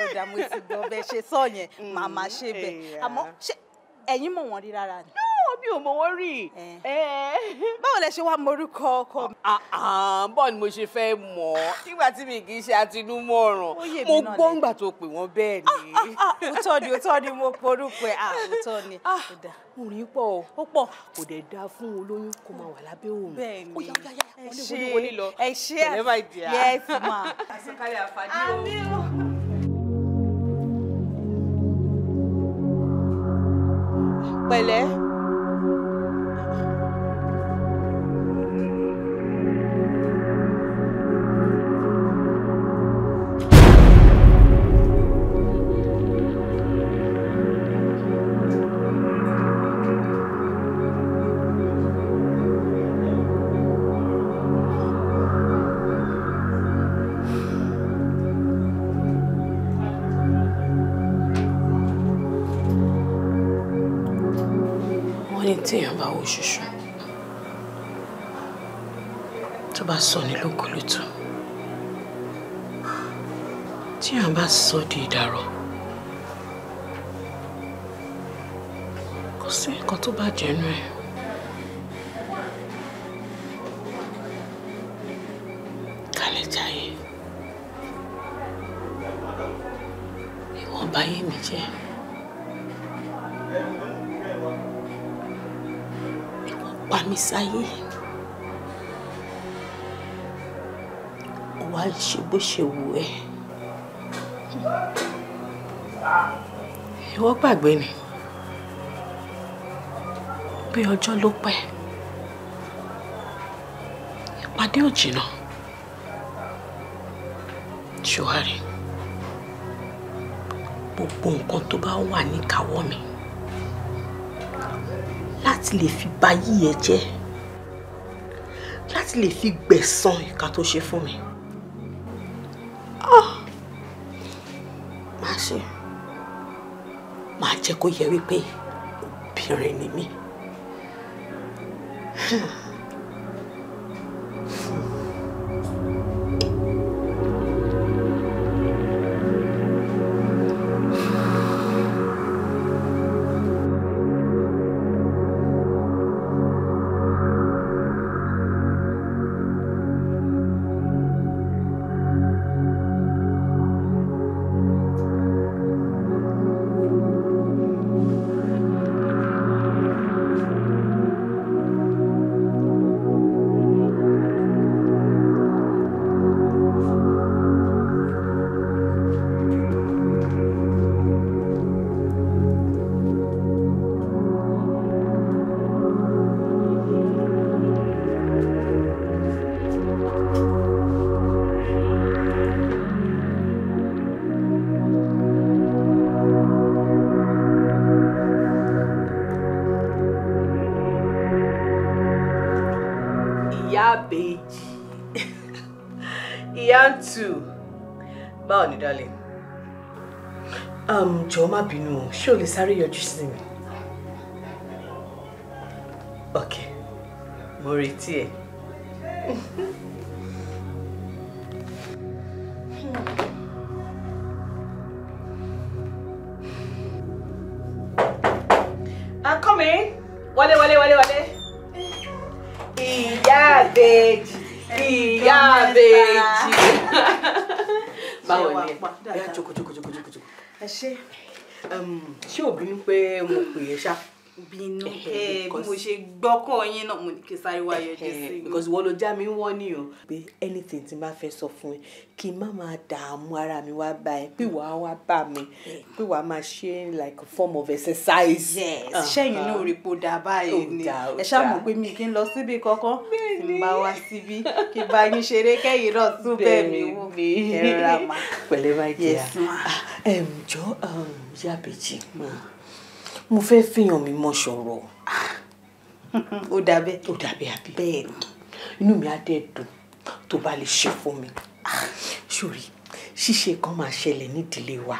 ọ̀dà mo ti gbọ́ bẹ́ẹ̀ ṣe sọ yẹn màmá ṣe bẹ́ẹ̀ àmọ́ ṣé ẹ̀yin mọ̀ wọ́n rí rárá ni mi ò mọ wọn rí. Eh. Eh. báwo lẹ ṣe wá morúkọ ọkọ mi. Ah, ah, bọ́ọ̀ ni mo ṣe fẹ́ mọ̀ ọ́ nígbà tí mi kì í ṣe àtinúmọ̀ràn mo gbọ́ ǹgbà tó pè wọ́n bẹ́ẹ̀ ni. Ah, òótọ́ ni òótọ́ ni mo porúkọ ẹ̀ òótọ́ ni mo rí pọ̀ o. ó pọ̀ kò dẹ̀ da fún olóyún kó máa wà lábẹ́ òun. bẹ́ẹ̀ni ó yá ó yá ó yá wọlé wọlé lọ ẹ ṣe ẹ yẹ ẹ fi máa. àṣekárí àfàdé o. àmì o. pẹ̀lẹ́. ṣoṣo tó bá sọ ní lókòlótò tí èèyàn bá sọ di ìdàrọ kò sí nǹkan tó bàjẹ́ nú ẹ̀. mi sáyé ó wá ń ṣe bó ṣe wù ẹ́ ìwọ gbàgbé ni pé ọjọ́ ló pẹ́ ìpàdé ò jìnnà ṣùwárí gbogbo nǹkan tó bá wà níkàáwọ́ mi láti lè fi bayí ẹ jẹ́ láti lè fi gbẹ̀san ìka tó ṣe fún mi. Ah! má ṣe máa jẹ́ kó yẹ wípé obìnrin ni mí. Hmm. jọ̀ọ́ má bínú o ṣé o lè sáré yọjú sí mi. ok mo retí ẹ. akọ́mi ah, wọlé wọlé wọlé wọlé. ìyá àbèjì ìyá àbèjì. báwo ni ẹ ẹ jókòó jókòó jókòó jókòó. ẹ ṣe ṣé ò bínú pé mo pè é ṣá. bínú bí mo ṣe gbọ́kọ̀ yín náà mo ní kí sáré wá sí mi. because wọ́n ló já mi wọ́n ní o. pé anything tí n bá fẹ́ sọ fún ẹ kí n má máa dààmú ara mi wá bá ẹ pé wàá wá bá mi pé wàá máa ṣe like a form of exercise. yes ṣẹ́yìn náà rí po dà báyìí ni ẹ ṣáà mọ̀ pé mi kì í lọ síbi kankan tí n bá wá síbi kí n bá yín ṣeré kẹ́yìn náà tún bẹ́ẹ̀ mi wú mi ẹ̀rọ àmà. pẹ̀lẹ́ máa jẹ́ à ìyá àbèjì mo fẹ́ fihàn mi mọ́ sọ̀rọ̀ ó dàbẹ́ ó dàbẹ́ àbí bẹ́ẹ̀ ni inú mi á dẹ̀ dùn tó bá lè ṣe fún mi sórí ṣíṣe kan máa ṣẹlẹ̀ nídìílé wa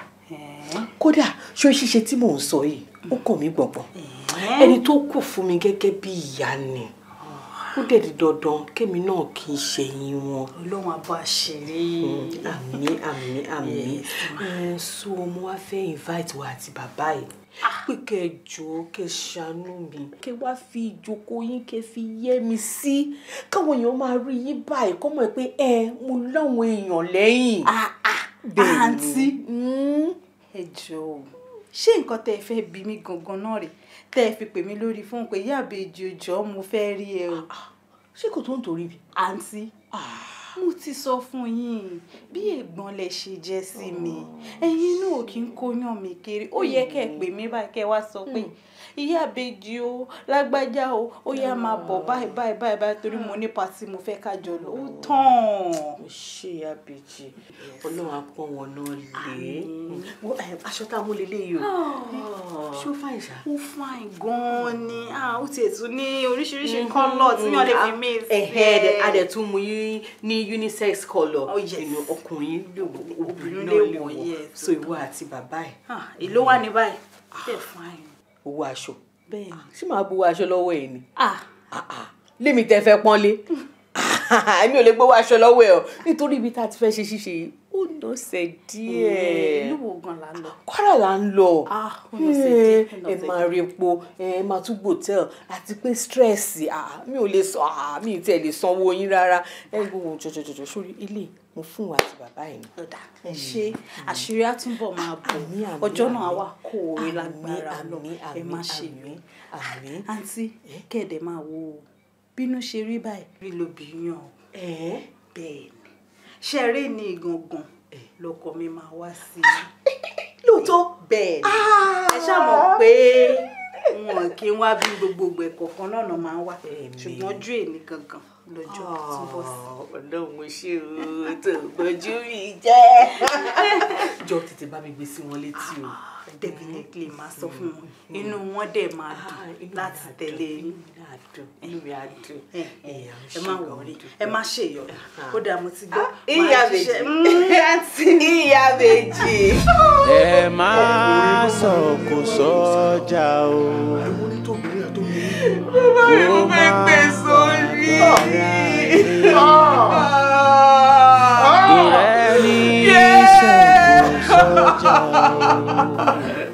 kódà ṣó ṣíṣe tí mò ń sọ yìí ó kàn mí gbọ̀ngbọ̀n ẹni tó kù fún mi gẹ́gẹ́ bí ìyá ni ó dẹ̀ di dandan kémi náà kì í ṣẹ̀yìn wọn. ọlọ́run abọ́ àṣírí. àmì àmì àmì so mo wá fẹ́ invite wa àti bàbá yìí ah! pé kẹ́ ẹ jọ̀ọ́ kẹ́ ẹ ṣàánú mi kẹ́ wá fi ìjókòó yín kẹ́ fi yé mi sí káwọn èèyàn máa rí yín báyìí kọ́ mọ̀ pé ẹ mo láwọn èèyàn lẹ́yìn. Ah, ah, àǹtí hmm, ẹ jọ̀ọ́ ṣé nǹkan tẹ́ ẹ fẹ́ bí mi gangan náà rèé tẹ́ ẹ fi pè mí lórí fún pé ìyá àbèjì òjò mo fẹ́ rí ẹ o. Ah, ṣé kò tó ń torí bi. àǹtí ah. mo ti sọ fún yín bí ẹ̀gbọ́n lẹ ṣe jẹ́ sí mi oh, ẹ̀yin náà kì í kóyàn mi kiri ó yẹ kẹ́ ẹ pè mí báyìí kẹ́ wá sọ pé. Mm ìyá àbèjì o lágbájá o ó yá máa bọ̀ báyìí báyìí báyìí báyìí torí mo ah. ní pàtí mo fẹ́ ká jọ lọ ó tán. ṣé ìyá àbèjì ọlọ́run apọ̀ wọn náà lè aṣọ tá a mú lélẹ̀ yìí o ah. ṣé ó fàìn ṣá. ó fàìn gan-an ni ah, ó tiẹ̀ tún ní oríṣiríṣi kọ́lọ̀ mm-hmm. tí wọ́n lè fi mí sí. ẹ̀hẹ́ adẹ̀ tún mú yín ní unisex kọ́lọ̀ oh, inú ọkùnrin obìnrin náà lè wọ̀ so ìwọ àti bàbá ẹ̀. èló wà ní báyìí bẹ́ẹ̀ owó aṣọ bẹ́ẹ̀ni ah, ṣé màá gbowó aṣọ lọ́wọ́ ẹ ni ah. ah, lémi tẹ fẹ́ pọ́nlé èmi ò lè gbowó aṣọ lọ́wọ́ ẹ o nítorí ibi tá a ti fẹ́ ṣe ṣíṣe ó nà ṣe díẹ̀ ìlú wo gan la ń lọ Kwara la ń lọ ẹ máa rí epo ẹ máa tún gbòtẹ́l àti pé stress mi ò lè sọ mi ì tiẹ̀ lè sanwó yín rárá ẹ gbowó jọjọjọjọ sórí ilé mo fún wa ti bàbá yìí ni. ọ̀dà ẹ ṣe àṣírí àtúbọ̀ máa bọ̀ ọjọ́ náà wà kó orí lágbára lọ ẹ má ṣe mí àǹtí kẹ̀dẹ̀ máa wo bínú ṣe rí báyìí rí lóbìyàn bẹ́ẹ̀ ni ṣe rí ni gangan lọkọ mi máa wá sí i lóòótọ́ bẹ́ẹ̀ ni ah! ẹ ṣàmọ̀ pé wọn kì í wá bí gbogbogbò ẹ̀kọ̀ọ̀kan náà máa ń ṣùgbọ́n ojú èmi gangan lọ́jọ́ tó bọ̀ sí. ọlọ́run ṣe o tó gbọ́jú mi jẹ́. jọ tètè bá mi gbé sí wọn létí o. Ah, definitely mm-hmm. máa sọ fún wọn mm-hmm. inú wọn dẹ̀ máa ah, dùn láti tẹ̀lé inú mi á dùn eh, ẹ eh, má wọrí ẹ má ṣèyọ ó dáa mo ti gbọ́. Ah, ìyá méjì mm, ìyá méjì. ẹ máa sọ kò sọ́jà o. àwọn onítòbìnrin àtòmí. bàbá rẹ̀ mo fẹ́ ìrẹ́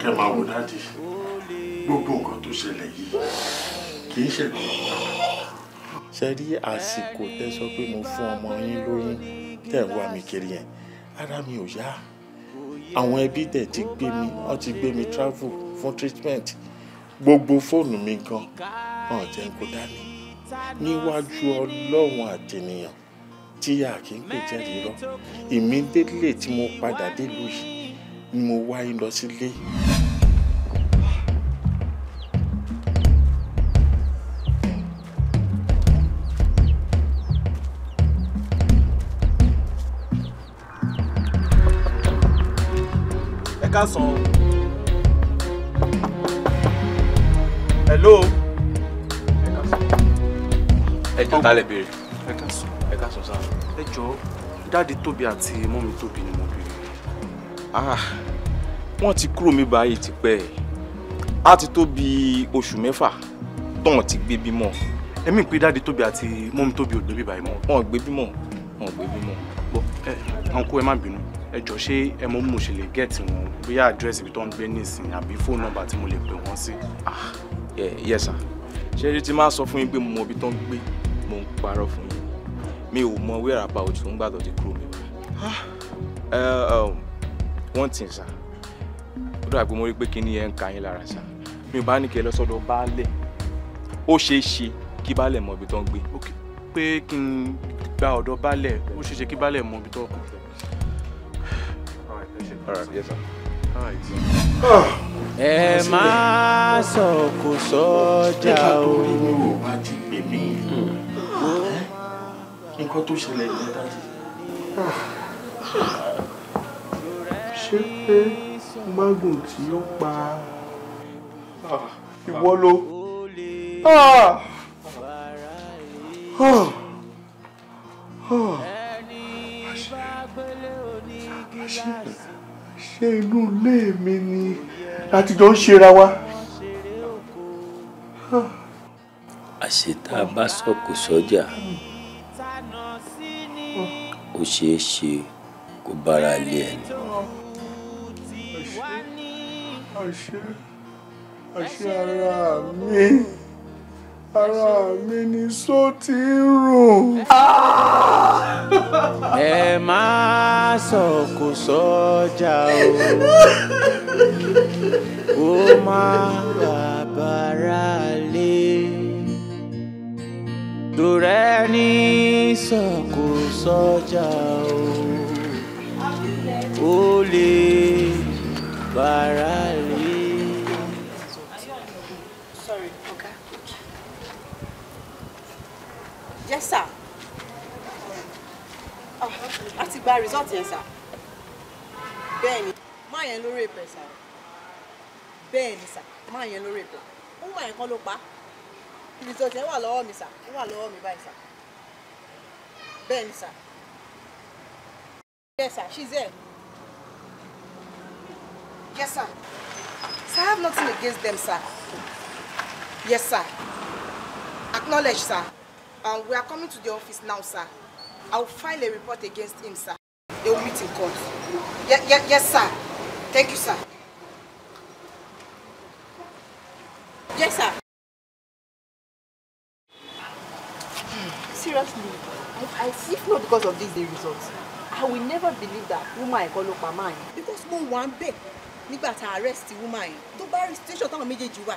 kẹ máa wo dáàdì gbogbo nǹkan tó ṣẹlẹ̀ yìí kì í ṣẹlẹ̀ ṣe rí àsìkò tẹ sọ pé mo fún ọmọ yín lóyún tẹ ń wá mi kiri yẹn ara mi ò yá àwọn ẹbí dẹ̀ ti gbé mi wọ́n ti gbé mi travel fún treatment gbogbo fóònù mi gan-an jẹ́ ń kó dání níwájú ọlọ́run àtẹnìyàn tí a kì í pè jẹ́rìí rọ èmi délé tí mo padà délùú yìí ni mo wáyé lọ sílé. ẹ ká sàn. hello ẹ jọ tálẹ̀ béèrè. ẹ ká sùn. ẹ ká sùn sáà. ẹ jọ dáàdi tóbi àti mọ́mi tóbi ni mo béèrè. ah wọ́n ti kúrò mi báyìí tipẹ́ á ti tó bí oṣù mẹ́fà tán ti gbé bímọ. èmi pé dáàdi tóbi àti mọ́mi tóbi ò gbé bí báyìí mọ́. wọn gbé bímọ wọn gbé bímọ. bọ ẹ ọkọ ẹ má bínú ẹ jọ ṣé ẹ mọ mo ṣe lè gẹẹtì wọn bóyá àdírẹ́sì ibi tó ń gbé nísìnyí àbí fóònù nọ́mbà tí mo lè pè wọ́n sí. ah yes sir ṣé ẹ ti máa sọ fún yín pé mo mọ ibi tó ń gbé mo ń parọ́ fún yín mi ò mọ wíra bá ojú ń gbàdọ̀ ti kúrò mi wá. wọ́n tì sá ó dàbí pé mo rí pé kí ni ẹ̀ ń ka yín lára sá mi ò bá ní kí ẹ lọ́sọ̀dọ̀ baálẹ̀ ó ṣeé ṣe kí baálẹ̀ mọ ibi tó ń gbé. pé kí n gba ọ̀dọ̀ baálẹ̀ ó ṣeé ṣe kí baálẹ̀ mọ ibi tó kù. ẹ máa sọ kò sọ́jà o nǹkan tó ṣẹlẹ̀ ní dájú. ṣé pé magun tí ó pa Ah. Ah. ah! ah! ṣé inú ilé mi ni láti jọ ń ṣera wa. bá sọ̀kò sọ́jà ó ṣeé ṣe kó bára lé ẹni. àṣé àṣé ara mi ara mi ni só ti ń rùn. ẹ máa sọ̀kò sọ́jà o kó má bàa. dòrẹ́ ní sọ̀kò sọ́jà o ó lè Sorry, Oga. Yes, sir. Ah, láti gba result yẹn sir. Ben, my máa yẹn sir. Ben, sir My yẹn lórí ìpẹ́ ó máa yẹn result ẹ wà lọ́wọ́ mi sà ẹ wà lọ́wọ́ mi báyìí sà bẹ́ẹ̀ ni sà yes sà she's there. yes sir sir I have nothing against them sir yes sir acknowledge sir um, we are coming to the office now sir I will file a report against him sir they will meet in court ye ye yes sir thank you sir yes sir. seriously i i if not because of this day results, i will never believe that woman I call up máa yẹn. because mo one day, me nígbà tá arrest the woman yẹn tó bá rí situation táwọn méjèèjì wà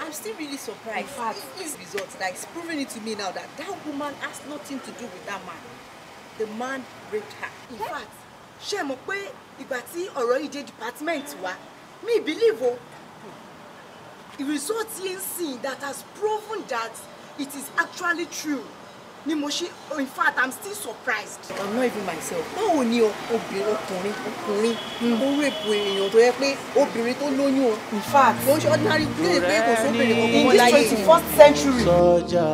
i'm still really surprised in fact his result like it's proving it to me now that that woman has nothing to do with that man the man raped her in yeah. fact ṣé mo pé ibati tí ọ̀rọ̀ yìí dé department wa mi believe oh. the result you see that has proven that it is actually true ni in fact i'm still surprised. i'm not even myself. Oh ni obìnrin ọkùnrin ọkùnrin hmm. ó rèpò èèyàn tó yẹ pé obìnrin tó lóyún o in fact ló ń ordinary play pé kò so kankan mọ́ láyé. in this twenty first century. sọjà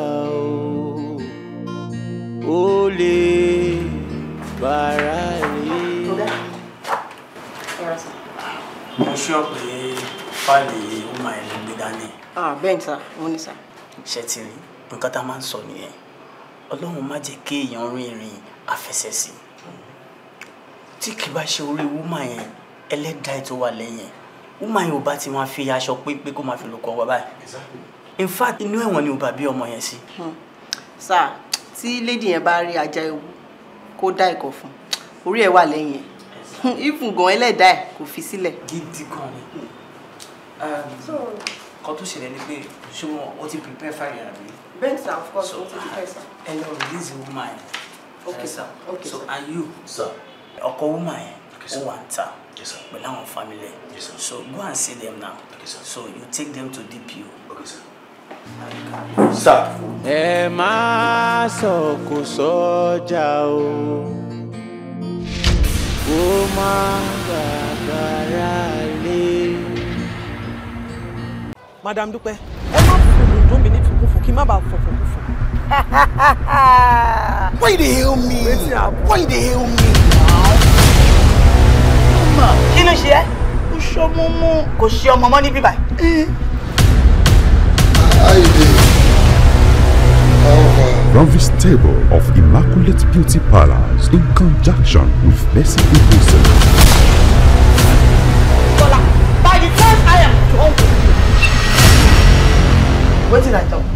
o ò lè bàrà rè. mo ṣọ́ pé fáìlì yìí ó máa ń gbé dání. Ah, bẹ́ẹ̀ ni sá mo ní sá. ṣe ti rí nǹkan tá a máa ń sọ nìyẹn ọlọ́run má jẹ́ kí èèyàn rin ìrìn àfẹsẹ̀sí tí kì bá ṣe orí wúmà yẹn ẹlẹ́dàá ètò wà lẹ́yìn wúmà yẹn ò bá ti máa fi aṣọ pépé kó máa fi lò kọ́ báyìí in fact inú ẹ̀wọ̀n ni ò bá bí ọmọ yẹn sí. Hmm. sá tí lady yẹn bá rí ajá ewu kó dá ìkọ̀ fún orí ẹ̀ wà lẹ́yìn ẹ̀ ifun gan ẹlẹ́dàá ẹ̀ kò fi sílẹ̀. gidi gan ni hmm. um, kan tó ṣẹlẹ̀ ni pé ṣé wọ́n ti prepare fáyà rẹ̀ Bent, sir, of course, so, what is the sir. Hello, this is woman. Okay, yes, sir. Okay, so, sir. and you? Sir. Ọkọ woman yẹn. Okay, sir. Ó wà níta. Yes, sir. Pẹ̀lú àwọn family. Yes, sir. So, go and see them now. Okay, sir. So, you take them to DPO. Okay, sir. Sir. Ẹ máa sọ kò sọ́jà o, ó máa bàbára lé. Madam Dúpẹ́, ẹ má fòrò dún mi nítorí fòfò kí n má bàa fòfò fòfò. why you hail me why you hail me. kí ló ṣe ẹ́ kó ṣe ọmọ mọ́ kò ṣe ọmọ mọ́ níbí báyìí. how this table of Immaculate Beauty parlors in conjunction with Bessie Ibusen. By the time I am done with you, what did I talk?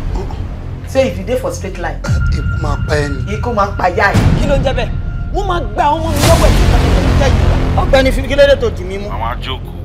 say if you dey for straight line. ikú máa pa ẹ ni. ikú máa pa yá ẹ. kí ló ń jẹ bẹ́ẹ̀ wọ́n máa gba ọmọ mi lọ́wọ́ ẹ̀ tí wọ́n ti tẹ̀ yìí. ọ̀gbẹ́ni fi kí ló tó dì mí àwọn ajókòó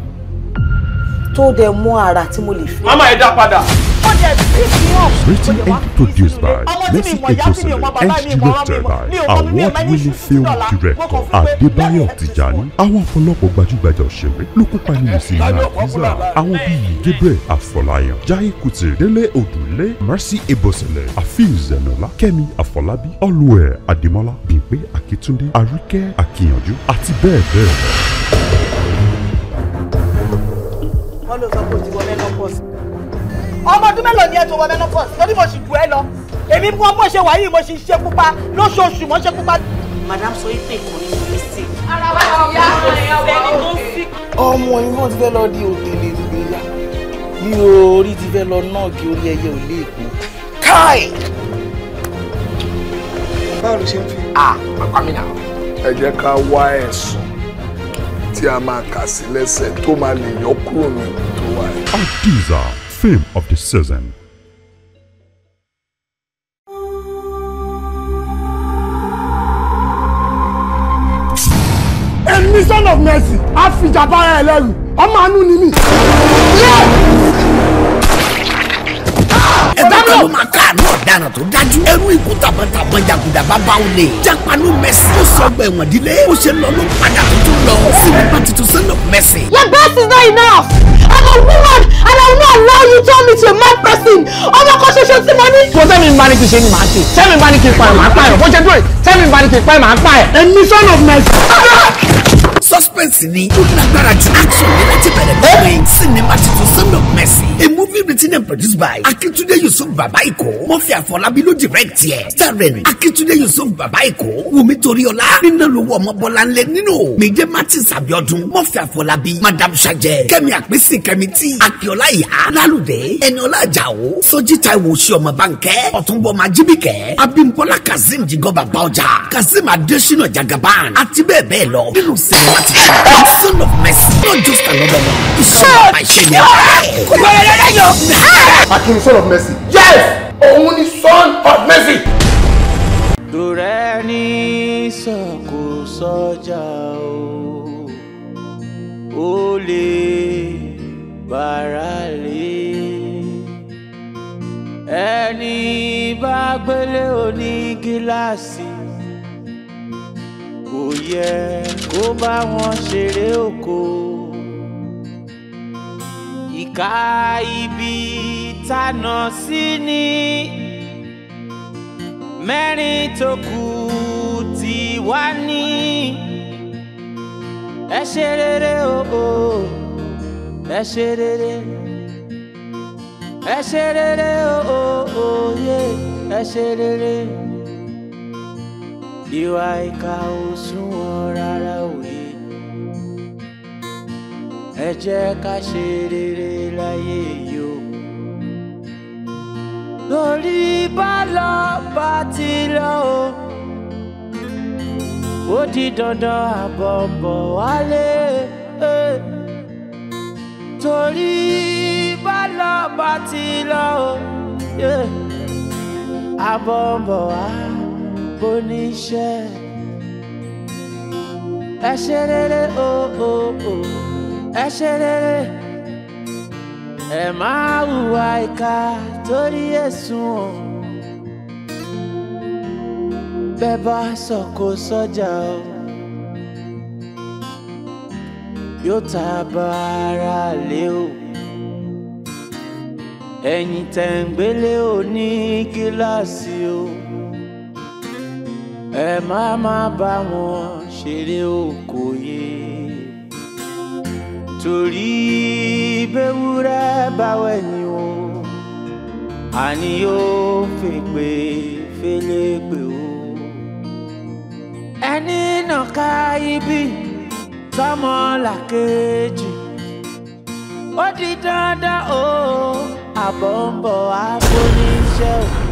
tó dẹ̀ mú ara tí mo lè fẹ́. mama ẹ dá padà. ó dẹ̀ pick me up. written and produced by Mercy Ejosele and directed by award-winning film director Adébáyọ̀ Tìjàní. àwọn ọ̀pọ̀lọpọ̀ gbajúgbajà òṣèré ló kópa nínú sinimá àkúzà àwọn bíi Gabriel Afọláyàn Jaiye Kútì Délé Odùnlé Mercy Ejosele Afeez Zenola Kẹ́mi Afọlábí Olúwẹ̀ Adémọ́lá Bímpé Akíntúndé Àríkẹ́ Akínyànjú àti bẹ́ẹ̀ bẹ́ẹ̀ lọ wọ́n ló sọ pé o ti wọ menopause. ọmọ ọdún mélòó ni ẹ tó wọ menopause lórí mo sì bu ẹ lọ èmi bí wọ́n bó ṣe mo sì ṣe pupa lóṣooṣù mo ṣe pupa. madam sọ ife kò ní sọ mistake. ara wa ti yá ẹni tó ń fi. ọmọ yìí wọ́n ti fẹ́ lọ di òtẹ̀lẹ̀ ìgbéyà mi ò rí ti fẹ́ lọ náà kí orí ẹyẹ ò lè kú. káì. báwo ló ṣe ń fi. ah pàpà mi nà. ẹ jẹ́ ká wá ẹ̀sùn tí a máa kà sí lẹ́sẹ̀ tó máa lè yọ kúrò ní ipò tó wà. Hadiza fame of the season. a mission of mercy a fìjà bára ẹ lẹ́rù ọmọ àánú ni mí. Yeah! ẹgbẹ́ ló máa káàánú ọ̀daràn tó dájú. ẹrú ikú tàbọ̀tàbọ̀ jàgùdà bàbá ò lè. jápanu mẹ́sì ó sọ ọgbà ẹ̀wọ̀n dílé. ó ṣe lọ ló padà tuntun lọ. síbi bá tuntun sọ́nà mẹ́sì. your best is not enough. I'm a woman and I will not allow you to turn me to a mad person. ọmọ kan ṣoṣo tí mo ní. kò sẹ́mi bá ní kí ṣe ni màá ṣe sẹ́mi bá ní kí pa ẹ̀ màá pa ẹ̀ bó ṣe dúró sẹ́mi bá pa ẹ̀ màá pa ẹ̀. a mission of mercy suspense ni ó lágbára ju action ní láti bẹ̀rẹ̀ lọ́wọ́ yìí sinimá tuntun of mercy movie written and produced by Akintunde Yusuf Babaiko. Wọ́n fi Àfọlábí ló direct yẹ. Starring Akintunde Yusuf Babaiko. Wumi Toriola. Nínà lówó ọmọ Bọ́láńlé nínú. Mèjé Martins Abiodun. Wọ́n fi Àfọlábí. Madam Ṣajẹ. Kẹ́mi Àpínsìn Kẹ́mi T. Akíọ́lá Ìyá. Lálùdé. Ẹniọlá Àjàó. Sọ́jí Táíwò Ṣé ọmọ Bánkẹ́. Ọ̀túnbọ̀ Majíbíkẹ́. Abímbọ́lá kazim Jigọ́ Bàbá Ọjà. Kazeem Adésínà Jagaban. Àti bẹ́ẹ̀ bẹ́ẹ̀ lọ. Nínú sinimá ti sọ. Son of mercy. Not just another one. Ìṣòro àbáṣe ni ọ̀rẹ́ ẹyọ. akin son of mercy. yes òun ni son of mercy. dùrẹ́ ní sọ̀kò sọ́jà o ó lè bàrà lé ẹni bá gbélé oní gíláàsì kò yẹ kó bá wọn ṣeré oko ìka ibi tànà sí ni mẹ́rin tó kù tí wá ní ẹ ṣe rere o ẹ ṣe rere ẹ ṣe rere o yé ẹ ṣe rere ìwà ìka ò sunwọ̀n rárá òye ẹ jẹ́ ká ṣe rere láyé yìí o. lórí bá lọ bá ti lọ o ó di dandan àbọ̀ bọ̀ wálé torí bá lọ bá ti lọ o àbọ̀ bọ̀ wá bóníṣẹ́ ẹ ṣe rere o oh, o oh, o. Oh ẹ ṣe rere ẹ máa hùwà ìka torí ẹ̀sùn o bẹ́ẹ̀ bá sọ̀kò sọ́jà o yóò ta bàrà lé o ẹ̀yìn tẹ̀ǹgbélé ò ní gíláàsì o ẹ má má bá wọn ṣeré o torí bẹ́wúrẹ́ báwẹ̀ ni o àní yóò fèpè fẹ́lẹ́pè o. ẹni nàka ibi sọmọ làkejì ó di dandan o àbọ̀ ń bọ̀ á bó níṣẹ́ o.